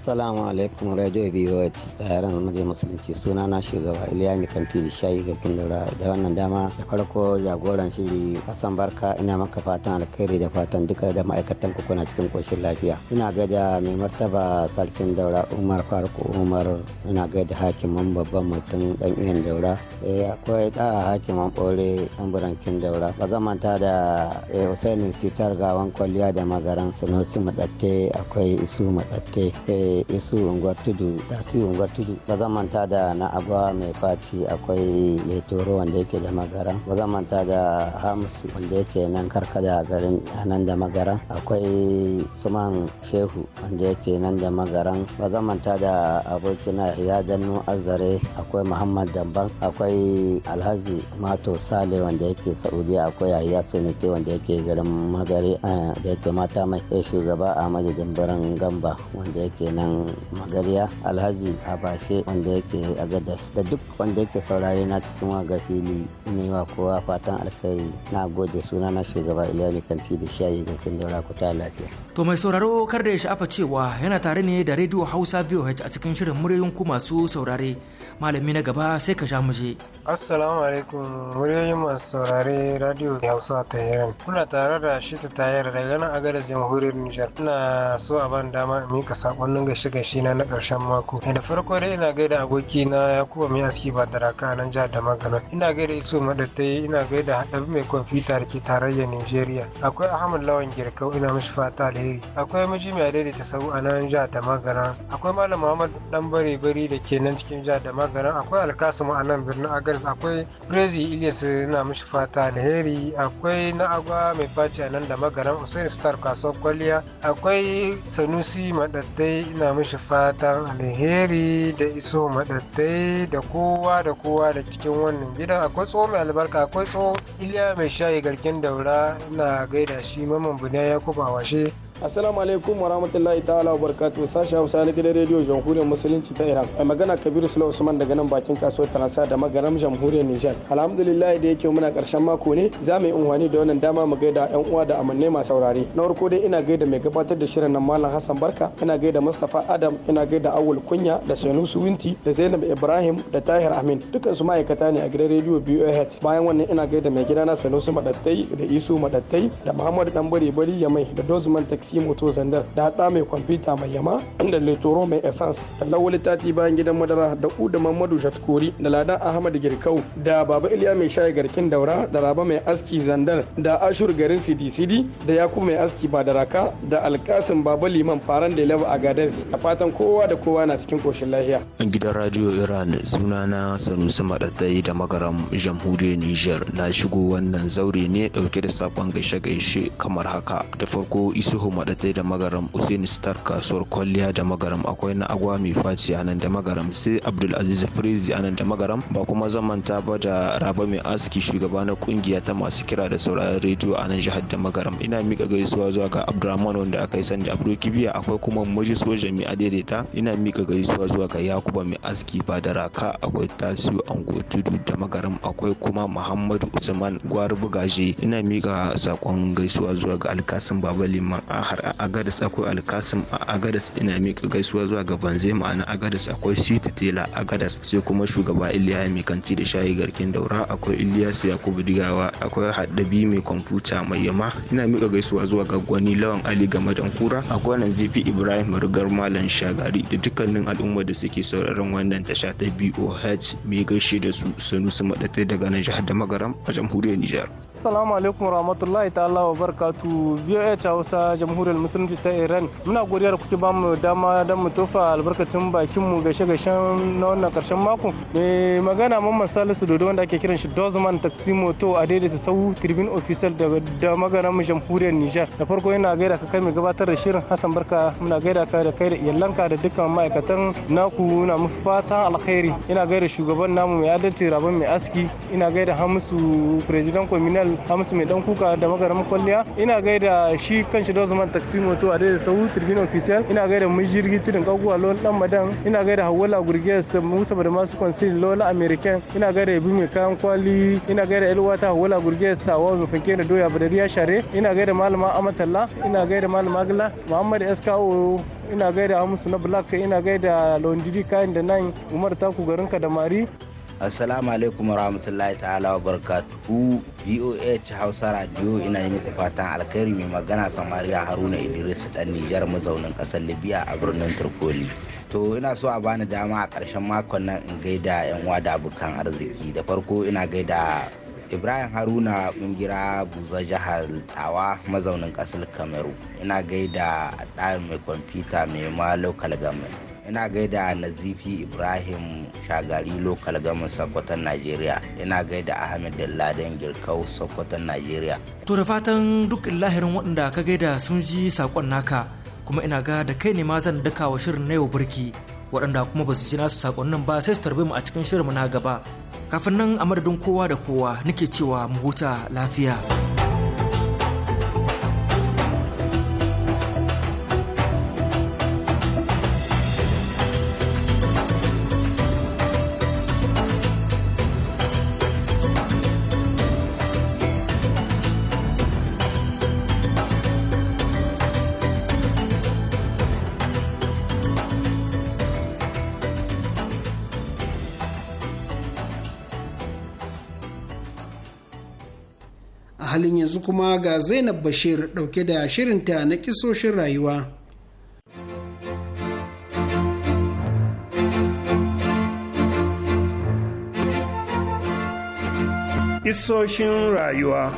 Assalamu alaikum Radio yaran yaran murya musulunci suna na shugaba Iliya Mikanti da shayi ga kundura da wannan dama da farko jagoran shiri Hassan Barka ina maka fatan alkhairi da fatan duka da ma'aikatan ku kuna cikin koshin lafiya. Ina gaida mai martaba sarkin daura Umar Farko Umar ina gaida hakiman babban mutum dan iyan daura. Eh akwai da hakiman bore dan burankin daura. Ba zan manta da eh Hussein Sitar gawan kwalliya da magaran Sanusi Matsatte akwai Isu Matsatte. Eh isu unguwar tudu tasi unguwar tudu ba zan manta da na agwa mai faci akwai letoro wanda yake da magara ba zan manta da hamsu wanda yake nan karkada garin nan da magara akwai suman shehu wanda yake nan da magaran ba zan manta da abokina ya dannu azare akwai muhammad damban akwai alhaji mato sale wanda yake saudiya akwai yahiya sunite wanda yake garin magari eh, da yake mata mai eh, shugaba a madadin birnin gamba wanda yake nan wannan magariya alhaji abashe wanda yake a gadas da duk wanda yake saurare na cikin waga fili ne wa kowa fatan alkhairi na gode suna na shugaba iliya kanti da shayi kan daura ku ta lafiya. to mai sauraro kar da ya sha'afa cewa yana tare ne da rediyo hausa voh a cikin shirin muryoyin ku masu saurare malami na gaba sai ka sha muje. assalamu alaikum muryoyin masu saurare radio hausa ta hiran kuna tare da shi ta tayar daga nan a gadas jamhuriyar nijar ina so a ban dama in mika ga suka shi na na karshen mako da farko dai ina gaida aboki na yakuba mai aski ba da raka nan jihar da magana ina gaida iso madatai ina gaida haɗabi mai kwamfuta da ke tarayyar nigeria akwai ahmad lawan girkau ina mishi fata alheri akwai miji mai daidaita sau a nan jihar da magana akwai malam muhammad dan bare bari da ke nan cikin jihar da magana akwai alkasumu a nan birnin agaris akwai crazy ilyas ina mishi fata alheri akwai na agwa mai faci a nan da magaran usain star kasuwar kwalliya akwai sanusi madatai ina ina mishi fatan alheri da iso maɗattai da kowa da kowa da cikin wannan gidan akwai tso mai albarka akwai tso iliya mai shayi garkin daura ina gaida shi maman bune ya kuba washe Assalamu alaikum wa rahmatullahi ta'ala wa barakatu sashi Hausa na gidan rediyo Jamhuriyar Musulunci ta Iran. Mai magana Kabiru Sula Usman daga nan bakin kasuwar tarasa da magaram Jamhuriyar Nijar. Alhamdulillah da yake muna karshen mako ne za mu yi unhwani da wannan dama mu gaida yan uwa da amannai masu saurare. Na farko dai ina gaida mai gabatar da shirin nan Malam Hassan Barka, ina gaida Mustapha Adam, ina gaida Awul Kunya da Sanusi Winti da Zainab Ibrahim da Tahir Amin. Dukkan su ma'aikata ne a gidan rediyo BOH. Bayan wannan ina gaida mai gidana Sanusi Madattai da Isu Madattai da Muhammadu Dambari Bari mai da Dozman taxi moto zandar da haɗa mai kwamfuta mai yama da letoro mai essence da lawali tati bayan gidan madara da uda mamadu shatkori da ladan ahmad girkau da baba iliya mai shayi garkin daura da raba mai aski zandar da ashur garin cdcd da yaku mai aski badaraka da alkasim baba liman faran da laba a gardens da fatan kowa da kowa na cikin koshin lahiya. gidan radio iran sunana sanusi maɗaɗai da magaram jamhuriyar niger na shigo wannan zaure ne ɗauke da sakon gaishe-gaishe kamar haka da farko isuhu maɗatai da magaram star kasuwar kwalliya da magaram akwai na agwa mai faci a nan da magaram sai abdulaziz firizi a nan da magaram ba kuma zamanta ba da raba mai aski shugaba na kungiya ta masu kira da sauraron rediyo a nan jihar da magaram ina mika gaisuwa zuwa ga abdulrahman wanda aka yi da abdul kibiya akwai kuma maji soja mai adaidaita ina mika gaisuwa zuwa ga yakuba mai aski ba da raka akwai tasiu ango tudu da magaram akwai kuma muhammadu usman gwari bugaje ina mika sakon gaisuwa zuwa ga alkasin baba liman a har a agadas akwai alkasim a agadas ina miƙa gaisuwa zuwa ga banze ma'ana agadas akwai siti tela agadas sai kuma shugaba iliya mai kanti da shayi garkin daura akwai ilyas yakubu digawa akwai haddabi mai kwamfuta mai yama ina mika gaisuwa zuwa ga gwani lawan ali ga da kura akwai nan zifi ibrahim rigar malam shagari da dukkanin al'umma da suke sauraron wannan tasha ta boh mai gaishe da su su maɗata daga nan jihar da magaram a jamhuriyar nijar assalamu alaikum rahmatullahi ta'ala wa barakatu hausa jamhuriyar musulunci ta iran muna godiya da kuke bamu dama don mu tofa albarkacin bakin mu gashe gashe na wannan karshen mako mai magana mamman salisu dodo wanda ake kiran shi dozman moto a daidaita sau tribune official daga da mu jamhuriyar nijar da farko yana gaida ka kai mai gabatar da shirin hassan barka muna gaida ka da kai da iyalanka da dukkan ma'aikatan naku na mu fatan alkhairi ina gaida shugaban namu mai adalci rabon mai aski ina gaida hamisu president communal hamisu mai dan kuka da mu kwalliya ina gaida shi shi dozman Abdurrahman moto, a daidai sau Tribune Official ina gaida jirgi tirin Kaguwa Lon Dan Madan ina gaida Hawala Gurgiyas Musa da masu Consil Lola American ina gaida Ibi mai kayan kwali ina gaida ta Hawala Gurgiyas Sawa mai fanke da doya Badariya Share ina gaida Malama Amatalla ina gaida Malama Agla Muhammad SKO ina gaida Hamisu na Black ina gaida Londidi Kayan da nan Umar Taku garin Kadamari assalamu alaikum warahmatullahi ta'ala wa barakatuhu boh hausa radio ina yi muku fatan alkhairi mai magana samariya haruna idris dan nijar mazaunin kasar libya a birnin turkoli to ina so a bani dama a ƙarshen makon nan in gaida yan uwa da abokan arziki da farko ina gaida ibrahim haruna bungira buza jihar tawa mazaunin kasar kameru ina gaida ɗayan mai kwamfuta mai ma local government ina gaida nazifi ibrahim shagari lokal gamu sokoton najeriya ina gaida ahmed ladan girkau sokoton najeriya to da fatan duk lahirin waɗanda ka gaida sun ji sakon naka kuma ina ga da kai ne ma zan daka wa shirin na yau birki waɗanda kuma ba su ji nasu saƙonnin ba sai su tarbe mu a cikin shirin na gaba kafin nan a madadin kowa da kowa nake cewa mu huta lafiya. kuma ga Zainab Bashir ɗauke da shirinta na kisoshin rayuwa. Kisoshin rayuwa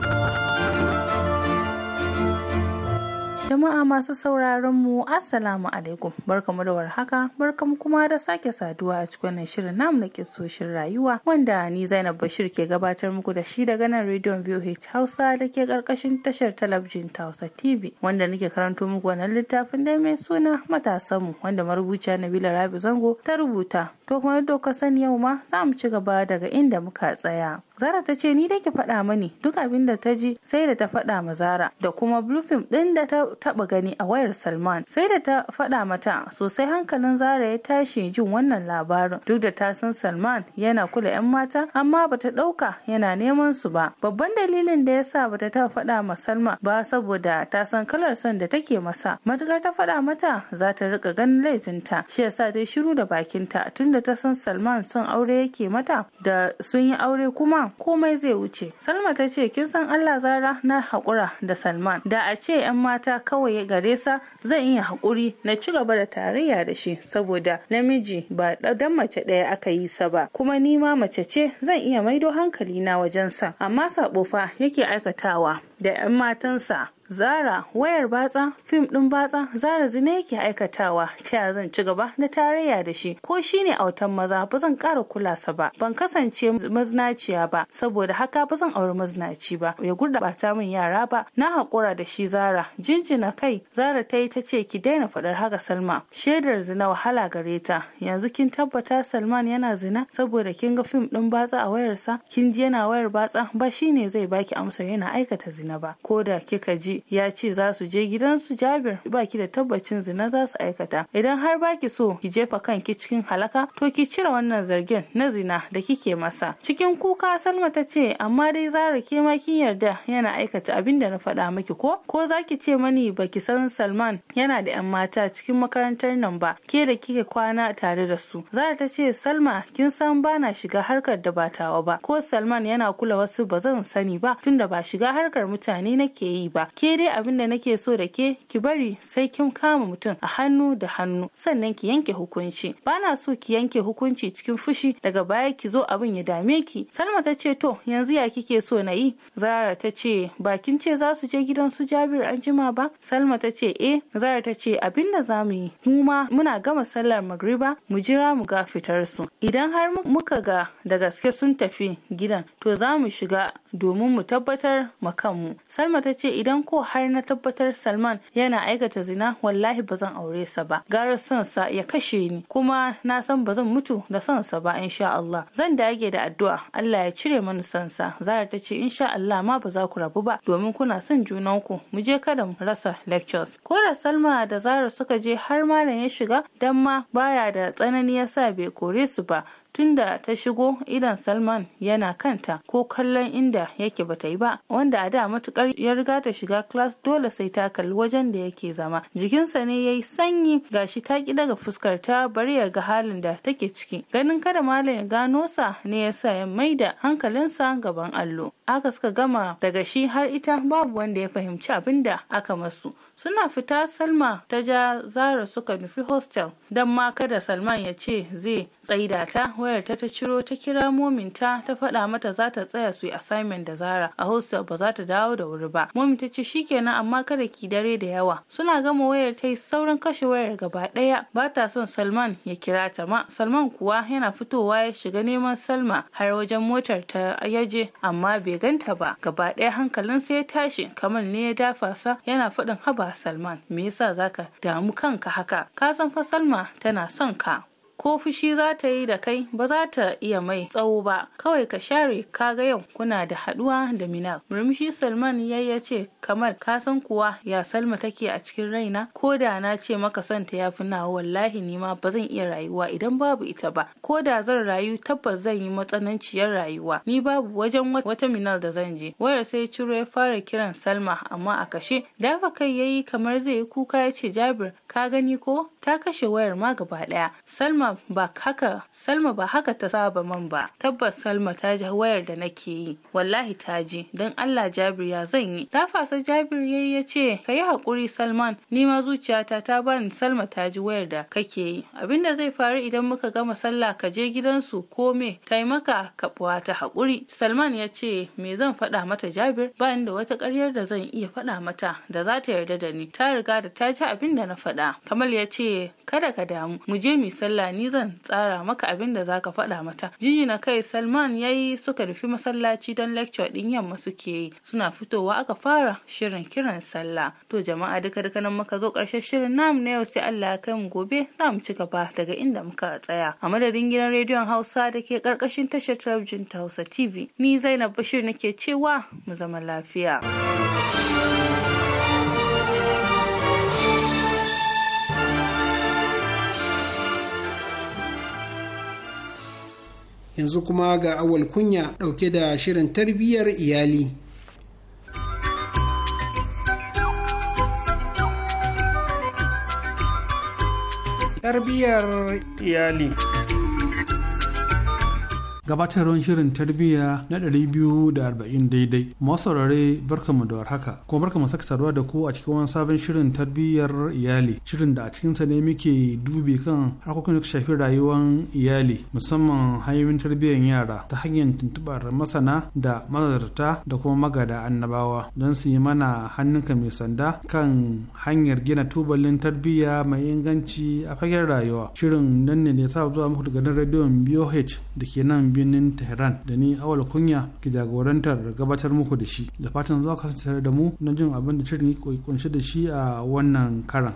Jama'a masu sauraron mu Assalamu alaikum barkamu da warhaka barkamu kuma da sake saduwa a cikin shirin namu na kisoshin rayuwa wanda ni Zainab Bashir ke gabatar muku da shi daga nan rediyon VOH Hausa da ke karkashin tashar talabijin ta Hausa TV wanda nake karanto muku wannan littafin da mai suna matasan mu wanda marubuciya Nabila Rabi Zango ta rubuta to kuma yadda ka sani yau ma za mu ci gaba daga inda muka tsaya. Zara ta ce ni dai ki faɗa mani duk abin da ta ji sai da ta faɗa ma Zara da kuma blue ɗin da ta taɓa gani a wayar Salman sai da ta faɗa mata sosai hankalin Zara ya tashi jin wannan labarin duk da ta san Salman yana kula 'yan mata amma bata ɗauka yana neman su ba babban dalilin da ya sa bata taba faɗa ma Salma ba saboda ta san kalar son da take masa matukar ta faɗa mata za ta rika ganin laifinta shi yasa ta shiru da bakinta tunda ta san Salman son aure yake mata da sun yi aure kuma komai zai wuce salma ta ce kin san allah zara na haƙura da salman da a ce 'yan mata kawai gare sa zan iya haƙuri na ci gaba da tarayya da shi saboda namiji ba dan mace ɗaya aka yi sa ba kuma ni ma mace ce zan iya maido hankali na wajen sa amma sabo fa yake aikatawa da 'yan matansa zara wayar batsa fim din batsa zara zina yake aikatawa ta zan ci gaba na tarayya da shi ko shine autan maza ba zan kara kulasa ba ban kasance mazinaciya ba saboda haka ba zan auri mazinaci ba ya gurda min yara ba na haƙura da shi zara jinjina kai zara ta yi ta ce ki daina faɗar haka salma shaidar zina wahala gare ta yanzu kin tabbata salman yana zina saboda kin ga fim din batsa a wayarsa kin ji yana wayar batsa ba shine zai baki amsar yana aikata zina ba ko da kika ji ya ce za su je gidansu jabir baki da tabbacin zina za su aikata idan har baki so ki jefa kanki cikin halaka to ki cire wannan zargin na zina da kike masa cikin kuka salma ta ce amma dai zara ke ma kin yarda yana aikata abin da na faɗa miki ko ko za ki ce mani baki san salman yana da yan mata cikin makarantar nan ba ke da kike kwana tare da su zara ta ce salma kin san bana shiga harkar da ba tawa ba ko salman yana kula wasu ba zan sani ba tunda ba shiga harkar mutane nake yi ba ke ke dai abin da nake so da ke ki bari sai kin kama mutum a hannu da hannu sannan ki yanke hukunci bana so ki yanke hukunci cikin fushi daga baya ki zo abin ya dame ki salma ta ce to yanzu ya kike so na yi zara ta ce bakin ce za su je gidan su jabir an jima ba salma ta ce eh zara ta ce abin da za mu yi mu ma muna gama sallar magriba mu jira mu ga fitar su idan har muka ga da gaske sun tafi gidan to za mu shiga domin mu tabbatar ma kanmu salma ta ce idan ko ko har na tabbatar Salman yana aikata zina wallahi ba zan aure sa ba. Gara son sa ya kashe ni kuma na san ba zan mutu da son sa ba insha Allah. Zan dage da addu'a Allah ya cire mani son sa. Zara ta ce insha Allah ma ba za ku rabu ba domin kuna son junan ku Mu je kada mu rasa lectures. Ko da Salma da Zara suka je har malam ya shiga dan ma baya da tsanani yasa bai kore su ba. tunda ta shigo idan salman yana kanta ko kallon inda yake bata yi ba wanda a da matukar ya riga ta shiga class dole sai ta kalli wajen da yake zama jikinsa ne yayi sanyi gashi ta ki daga fuskar ta bari ya ga halin da take ciki ganin kada malam ya gano sa ne yasa ya maida hankalinsa gaban allo aka suka gama daga shi har ita babu wanda ya fahimci abin da aka masu suna fita salma ta ja zara suka nufi hostel don ma kada salman ya ce zai tsaida ta wayar ta ta ciro ta kira mominta ta faɗa mata za ta tsaya su yi assignment da zara a hostel ba za ta dawo da wuri ba momin ta ce kenan amma kada ki dare da yawa suna gama wayar ta yi sauran kashe wayar gaba ɗaya ba ta son salman ya kira ta ma salman kuwa yana fitowa ya shiga neman salma har wajen motar ta yaje amma bai bai ganta ba gaba ɗaya hankalinsa ya tashi kamar ne ya dafa sa yana faɗin haba salman me yasa zaka damu kanka haka ka san fa salma tana son ka ko fushi za ta yi da kai ba za ta iya mai tsawo ba kawai ka share ka ga yau kuna da haduwa da Minna. murmushi salman ya ya ce kamal ka san kuwa ya salma take a cikin raina ko da na ce maka son ta yafi nawa wallahi ni ma ba zan iya rayuwa idan babu ita ba ko da zan rayu tabbas zan yi matsananciyar rayuwa ni babu wajen wata minal da zan je wayar sai ciro ya fara kiran salma amma a kashe dafa kai yayi kamar zai yi kuka ya ce jabir ka gani ko ta kashe wayar ma gaba daya salma ba haka salma ba haka ta saba man ba tabbas salma ta ji wayar da nake yi wallahi ta ji don allah jabir ya zan yi ta fasa jabir yayi ya ce ka yi haƙuri salman ni ma zuciyata ta bani salma ta ji wayar da kake yi abinda zai faru idan muka gama sallah ka je gidansu ko me ta yi maka ka ta haƙuri salman ya ce me zan faɗa mata jabir ba da wata ƙaryar da zan iya faɗa mata da za ta yarda da ni ta riga da ta ji abin da na faɗa faɗa kamal ya ce kada ka damu mu je mu sallah ni zan tsara maka abin da zaka faɗa mata jiji na kai salman yayi suka rufi masallaci don lecture ɗin yamma suke yi suna fitowa aka fara shirin kiran sallah to jama'a duka duka nan muka zo karshen shirin namu na yau sai Allah ya kai mu gobe za mu ci gaba daga inda muka tsaya a madadin gidan rediyon Hausa da ke ƙarƙashin tashar talabijin ta Hausa TV ni Zainab Bashir nake cewa mu zama lafiya. yanzu kuma ga awal kunya ɗauke da shirin tarbiyyar iyali tarbiyyar iyali gabatarwar shirin tarbiyya na 240 daidai masaurare barkamu da warhaka kuma barkamu saka saduwa da ku a cikin wani sabon shirin tarbiyyar iyali shirin da a cikinsa ne muke dubi kan harkokin da shafi rayuwar iyali musamman hanyoyin tarbiyyar yara ta hanyar tuntubar masana da mazarta da kuma magada annabawa don su yi mana hannunka mai sanda kan hanyar gina tubalin tarbiyya mai inganci a fagen rayuwa shirin nan ne da ya sa zuwa muku daga rediyon BOH da ke nan birnin tehran da ni awal kunya ke jagorantar gabatar muku da shi da fatan zuwa kasance tare da mu na jin abin da shirin kunshe da shi a wannan karan.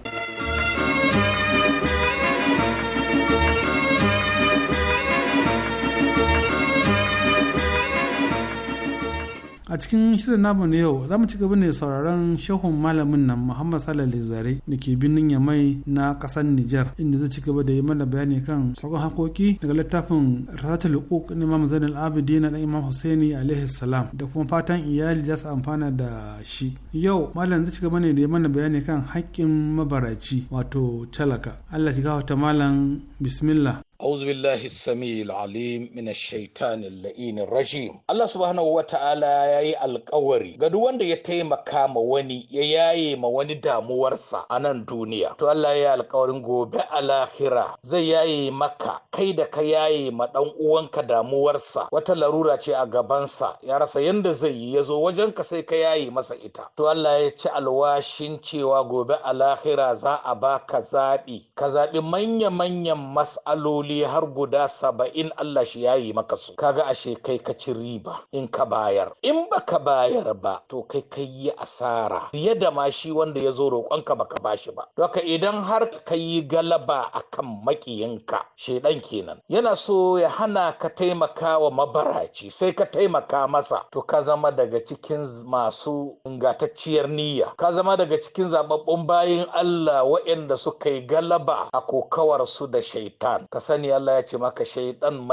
a cikin shirin namu na yau za mu ci gaba ne sauraron shehun malamin nan muhammad salali zare da ke birnin yamai na kasar nijar inda zai ci gaba da yi mana bayani kan tsakon hakoki daga littafin rasatul hukuk na imam zainal abidi na imam husaini alaihi salam da kuma fatan iyali za su amfana da shi yau malam zai ci gaba ne da yi mana bayani kan haƙƙin mabaraci wato talaka allah ki gafarta malam bismillah أعوذ بالله السميع العليم من الشيطان اللئين الرجيم الله سبحانه وتعالى yayi alkawari ga duk wanda ya taimaka ma wani ya yaye ma wani damuwarsa a nan duniya to Allah ya alkawarin gobe a lahira zai yaye maka kai da ka yaye ma ɗan uwanka damuwarsa wata larura ce a gabansa ya rasa yanda zai yi ya zo wajen ka sai ka yaye masa ita to Allah ya ci alwashin cewa gobe a lahira za a ba ka zaɓi ka zaɓi manya-manyan mas'aloli salloli har guda saba'in Allah shi yi maka su kaga ashe kai ka ci riba in ka bayar in baka bayar ba to kai ka yi asara fiye da ma shi wanda ya zo roƙon ka baka bashi ba doka idan har ka yi galaba a kan maƙiyinka shedan kenan yana so ya hana ka taimaka wa mabaraci sai ka taimaka masa to ka zama daga cikin masu ingatacciyar niyya ka zama daga cikin zababbun bayin Allah waɗanda suka yi galaba a kokawarsu da shaitan ka alkur'ani Allah ya ce maka shaidan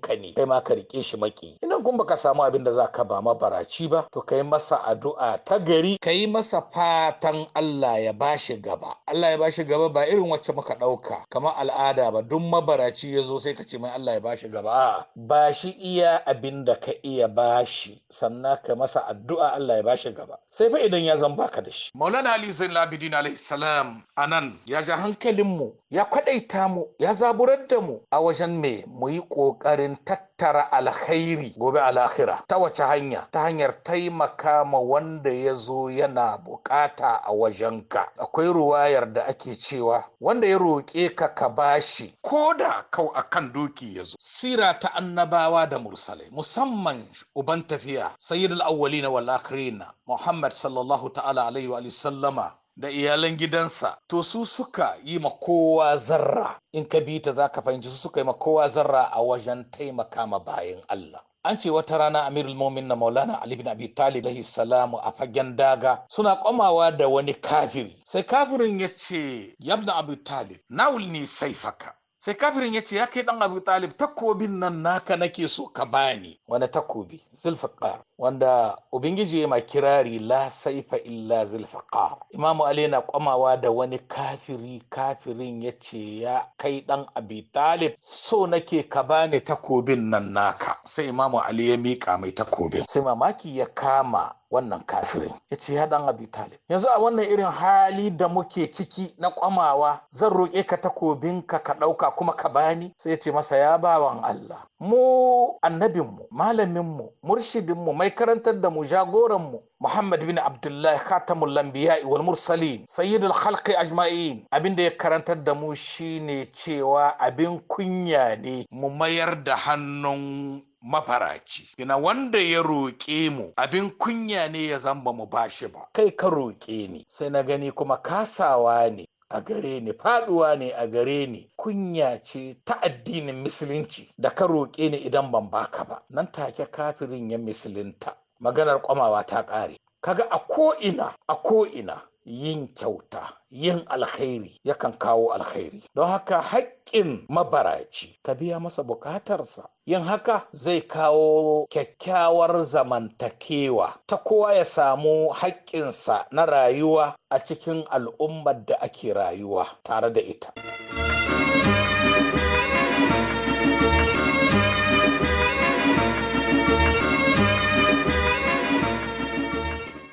ka ne kai ma ka rike shi maki idan kun baka samu abin da zaka ba mabaraci ba to kai masa addu'a ta gari kai masa fatan Allah ya bashi gaba Allah ya bashi gaba ba irin wacce muka dauka kamar al'ada ba duk mabaraci ya zo sai ka ce mai Allah ya bashi gaba ba shi iya abin da ka iya bashi sannan kai masa addu'a Allah ya bashi gaba sai fa idan ya zan baka da shi Maulana Ali Zain Labidin alaihi salam anan ya ja mu. ya kwadaita mu ya zaburar da mu a wajen me mu yi ƙoƙarin tattara alkhairi gobe alakhira ta wace hanya ta hanyar taimaka ma wanda ya zo yana bukata a wajen ka. akwai ruwayar da ake cewa wanda ya roƙe ka ka bashi ko da kau a kan doki ya zo sira ta annabawa da mursalai musamman uban tafiya sayyidul awwalina wal akhirina muhammad sallallahu ta'ala alaihi wa sallama da iyalan gidansa to su suka yi ma kowa zarra in ka bi ta zaka fahimci su suka yi ma kowa zarra a wajen taimaka ma bayan Allah an ce wata rana amirul mumin na maulana ali bin abi talib alaihi salamu a fagen daga suna komawa da wani kafiri sai kafirin ya ce yabna abi talib ne ni saifaka sai kafirin ya ce ya kai dan abu talib takobin nan naka nake so ka bani wani takobi zulfiqar wanda ubangiji ya ma kirari la saifa illa zulfiqar imamu ali na kwamawa da wani kafiri kafirin ya ce ya kai dan abu talib so nake ka bani takobin nan naka sai imamu ali ya mika mai takobin sai mamaki ya kama wannan kafirin ya ce ya dan abi talib yanzu a wannan irin hali da muke ciki na kwamawa zan roƙe ka takobinka ka ɗauka kuma ka bani sai ya ce masa ya bawan Allah mu annabinmu malaminmu murshidinmu mai karantar da mu jagoranmu Muhammad bin Abdullahi Khatamul Anbiya wal Mursalin Sayyidul Khalqi Ajma'in da ya karantar da mu shine cewa abin kunya ne mu mayar da hannun mafaraci ina wanda ya roƙe mu abin kunya ne ya zamba mu ba shi ba kai ka roƙe ni sai na gani kuma kasawa ne a gare ni faduwa ne a gare ni kunya ce ta addinin musulunci da ka roƙe ni idan ban baka ba nan take kafirin ya musulunta maganar kwamawa ta ƙare kaga a ko'ina a ko'ina yin kyauta yin alkhairi yakan kawo alkhairi don haka haƙƙin mabaraci ka biya masa buƙatarsa yin haka zai kawo kyakkyawar zamantakewa ta kowa ya samu haƙƙinsa na rayuwa a cikin al'ummar da ake rayuwa tare da ita.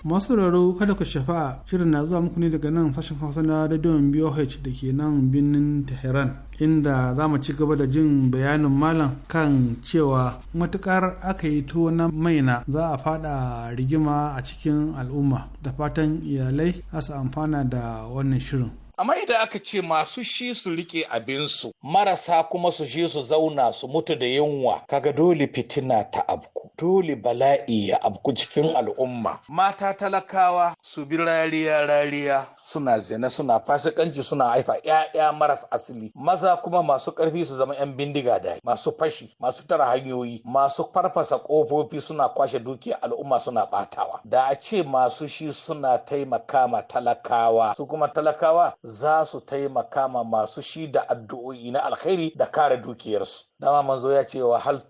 masu raro kada ku shafa shirin na zuwa muku ne daga nan sashen hausa na radiyon boh da ke nan birnin tehran inda za mu ci gaba da jin bayanin malam kan cewa matukar aka yi tuwo na maina za a fada rigima a cikin al'umma da fatan iyalai su amfana da wannan shirin amma idan aka ce masu shi su rike abinsu marasa kuma su shi su zauna su mutu da yunwa kaga dole fitina ta abku dole bala'i ya abku cikin al'umma mata talakawa su bi rariya rariya suna zina suna fasikanci suna haifa 'ya'ya maras asili maza kuma masu ƙarfi su zama 'yan bindiga da masu fashi masu tara hanyoyi masu farfasa ƙofofi, suna kwashe dukiya al'umma suna batawa da a ce masu shi suna taimaka ma talakawa su kuma talakawa za su taimaka ma masu shi da addu'o'i na alkhairi da kare dukiyarsu dama manzo ya ce wa hal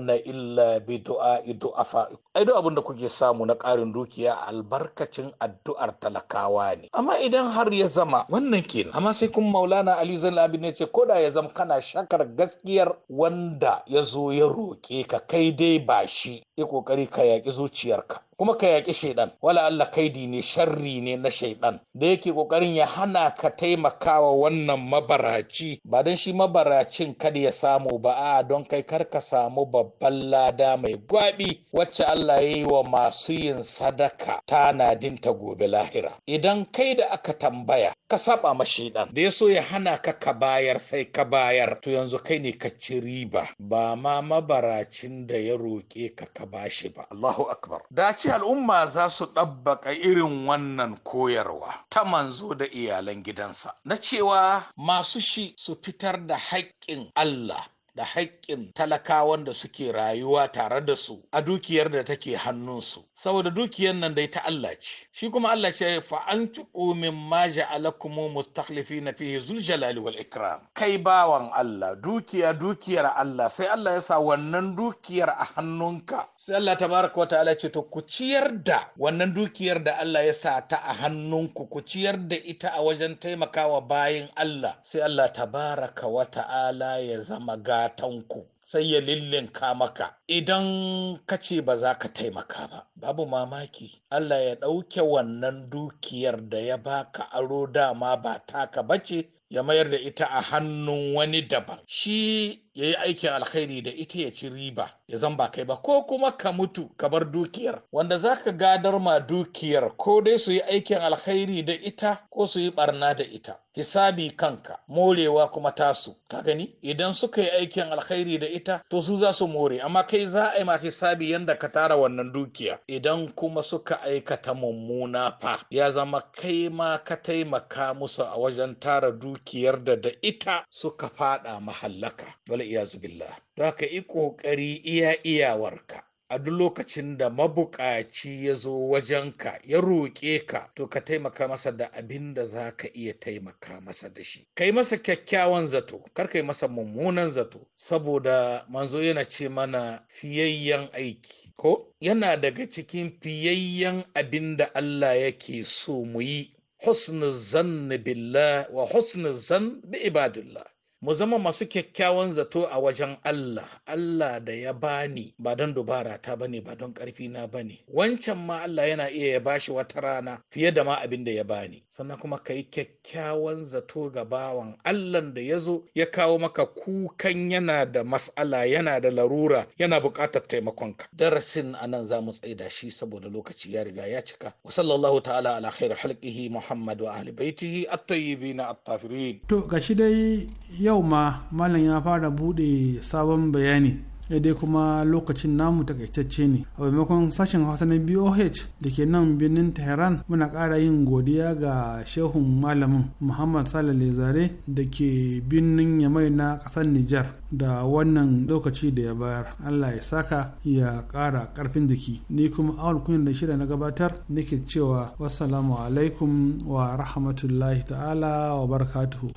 na illa bi du'a'i du'afa ai duk abin da kuke samu na ƙarin dukiya albarkacin addu'ar talakawa ne amma idan har ya zama wannan kenan amma sai kun maulana ali zan labi ne ce koda ya zama kana shakar gaskiyar wanda ya zo ya roke ka kai dai ba shi ya kokari ka yaƙi zuciyarka kuma ka yaƙi shaidan wala Allah kaidi ne sharri ne na shaidan da yake ƙoƙarin ya hana ka taimakawa wannan mabaraci ba don shi mabaracin kada ya samu ba a don kai kar ka samu babban lada mai gwabi wacce Allah ya yi wa masu yin sadaka tanadinta gobe lahira idan kai da aka tambaya ka saba ma shaidan da ya so ya hana ka ka bayar sai ka bayar to yanzu kai ne ka ci riba ba ma mabaracin da ya roƙe ka ka bashi ba Allahu akbar dace ce al'umma za su ɗabbaƙa irin wannan koyarwa ta manzo da iyalan gidansa na cewa masu shi su fitar da haƙƙin Allah da haƙƙin talakawan da suke rayuwa tare da su a dukiyar da take hannunsu saboda dukiyar nan dai ta Allah ce shi kuma Allah ce fa an tuqu min ma ja'alakum mustakhlifina fihi zul jalali wal ikram kai bawan Allah dukiya dukiyar Allah sai Allah ya sa wannan dukiyar a hannunka sai Allah tabaraka wa ta'ala ce to ku ciyar da wannan dukiyar da Allah ya sa ta a hannunku ku ciyar da ita a wajen taimakawa bayin Allah sai Allah tabaraka wa ta'ala ya zama gari fatanku sai ya lillinka maka idan ka ce ba za ka taimaka ba babu mamaki Allah ya ɗauke wannan dukiyar da ya baka aro dama ba taka bace ya mayar da ita a hannun wani daban shi ya yi aikin alkhairi da ita ya ci riba ya zan ba kai ba ko kuma ka mutu ka bar dukiyar wanda za ka gadar ma dukiyar ko dai su yi aikin alkhairi da ita ko su yi barna da ita hisabi kanka morewa kuma tasu ka gani idan suka yi aikin alkhairi da ita to su za su more amma kai za a yi ma hisabi yanda ka tara wannan dukiya idan kuma suka aikata mummuna fa ya zama kai ma ka taimaka musu a wajen tara dukiyar da da ita suka fada mahallaka wala iyazu billah don haka yi ƙoƙari iya iyawarka a duk lokacin da mabuƙaci ya zo wajenka ya roƙe ka to ka taimaka masa da abin da za ka iya taimaka masa da shi kai masa kyakkyawan zato kar kai masa mummunan zato saboda manzo yana ce mana fiyayyen aiki ko yana daga cikin fiyayyen abin da Allah yake so mu yi husnul zanni billah wa husnul zan bi ibadillah mu zama masu kyakkyawan zato a wajen Allah Allah da ya bani ba don dubara ta bane ba don karfi na bane wancan ma Allah yana iya ya bashi wata rana fiye da ma abin da ya bani sannan kuma ka yi kyakkyawan zato ga bawan Allah da ya zo ya kawo maka kukan yana da mas'ala yana da larura yana buƙatar taimakon ka. darasin a nan za mu tsaida shi saboda lokaci ya riga ya cika wa sallallahu ta'ala ala khairu halqihi muhammad wa ahli baitihi at-tayyibin at-tafirin to gashi dai yau yau ma malam ya fara bude sabon bayani ya dai kuma lokacin namu takaitacce ne a maimakon sashen hausa na boh da ke nan birnin tehran muna ƙara yin godiya ga shehun malamin muhammad salale zare da ke birnin yamai na ƙasar nijar da wannan lokaci da ya bayar allah ya saka ya ƙara karfin jiki ni kuma awal kunyar da shida na gabatar nake cewa wassalamu alaikum wa rahmatullahi ta'ala wa barakatuhu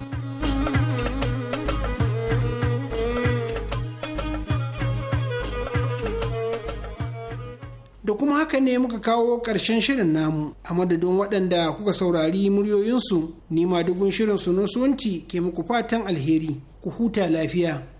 kuma haka ne muka kawo ƙarshen shirin namu a madadin waɗanda kuka saurari muryoyinsu nima dugun shirin sunusunti ke muku fatan alheri ku huta lafiya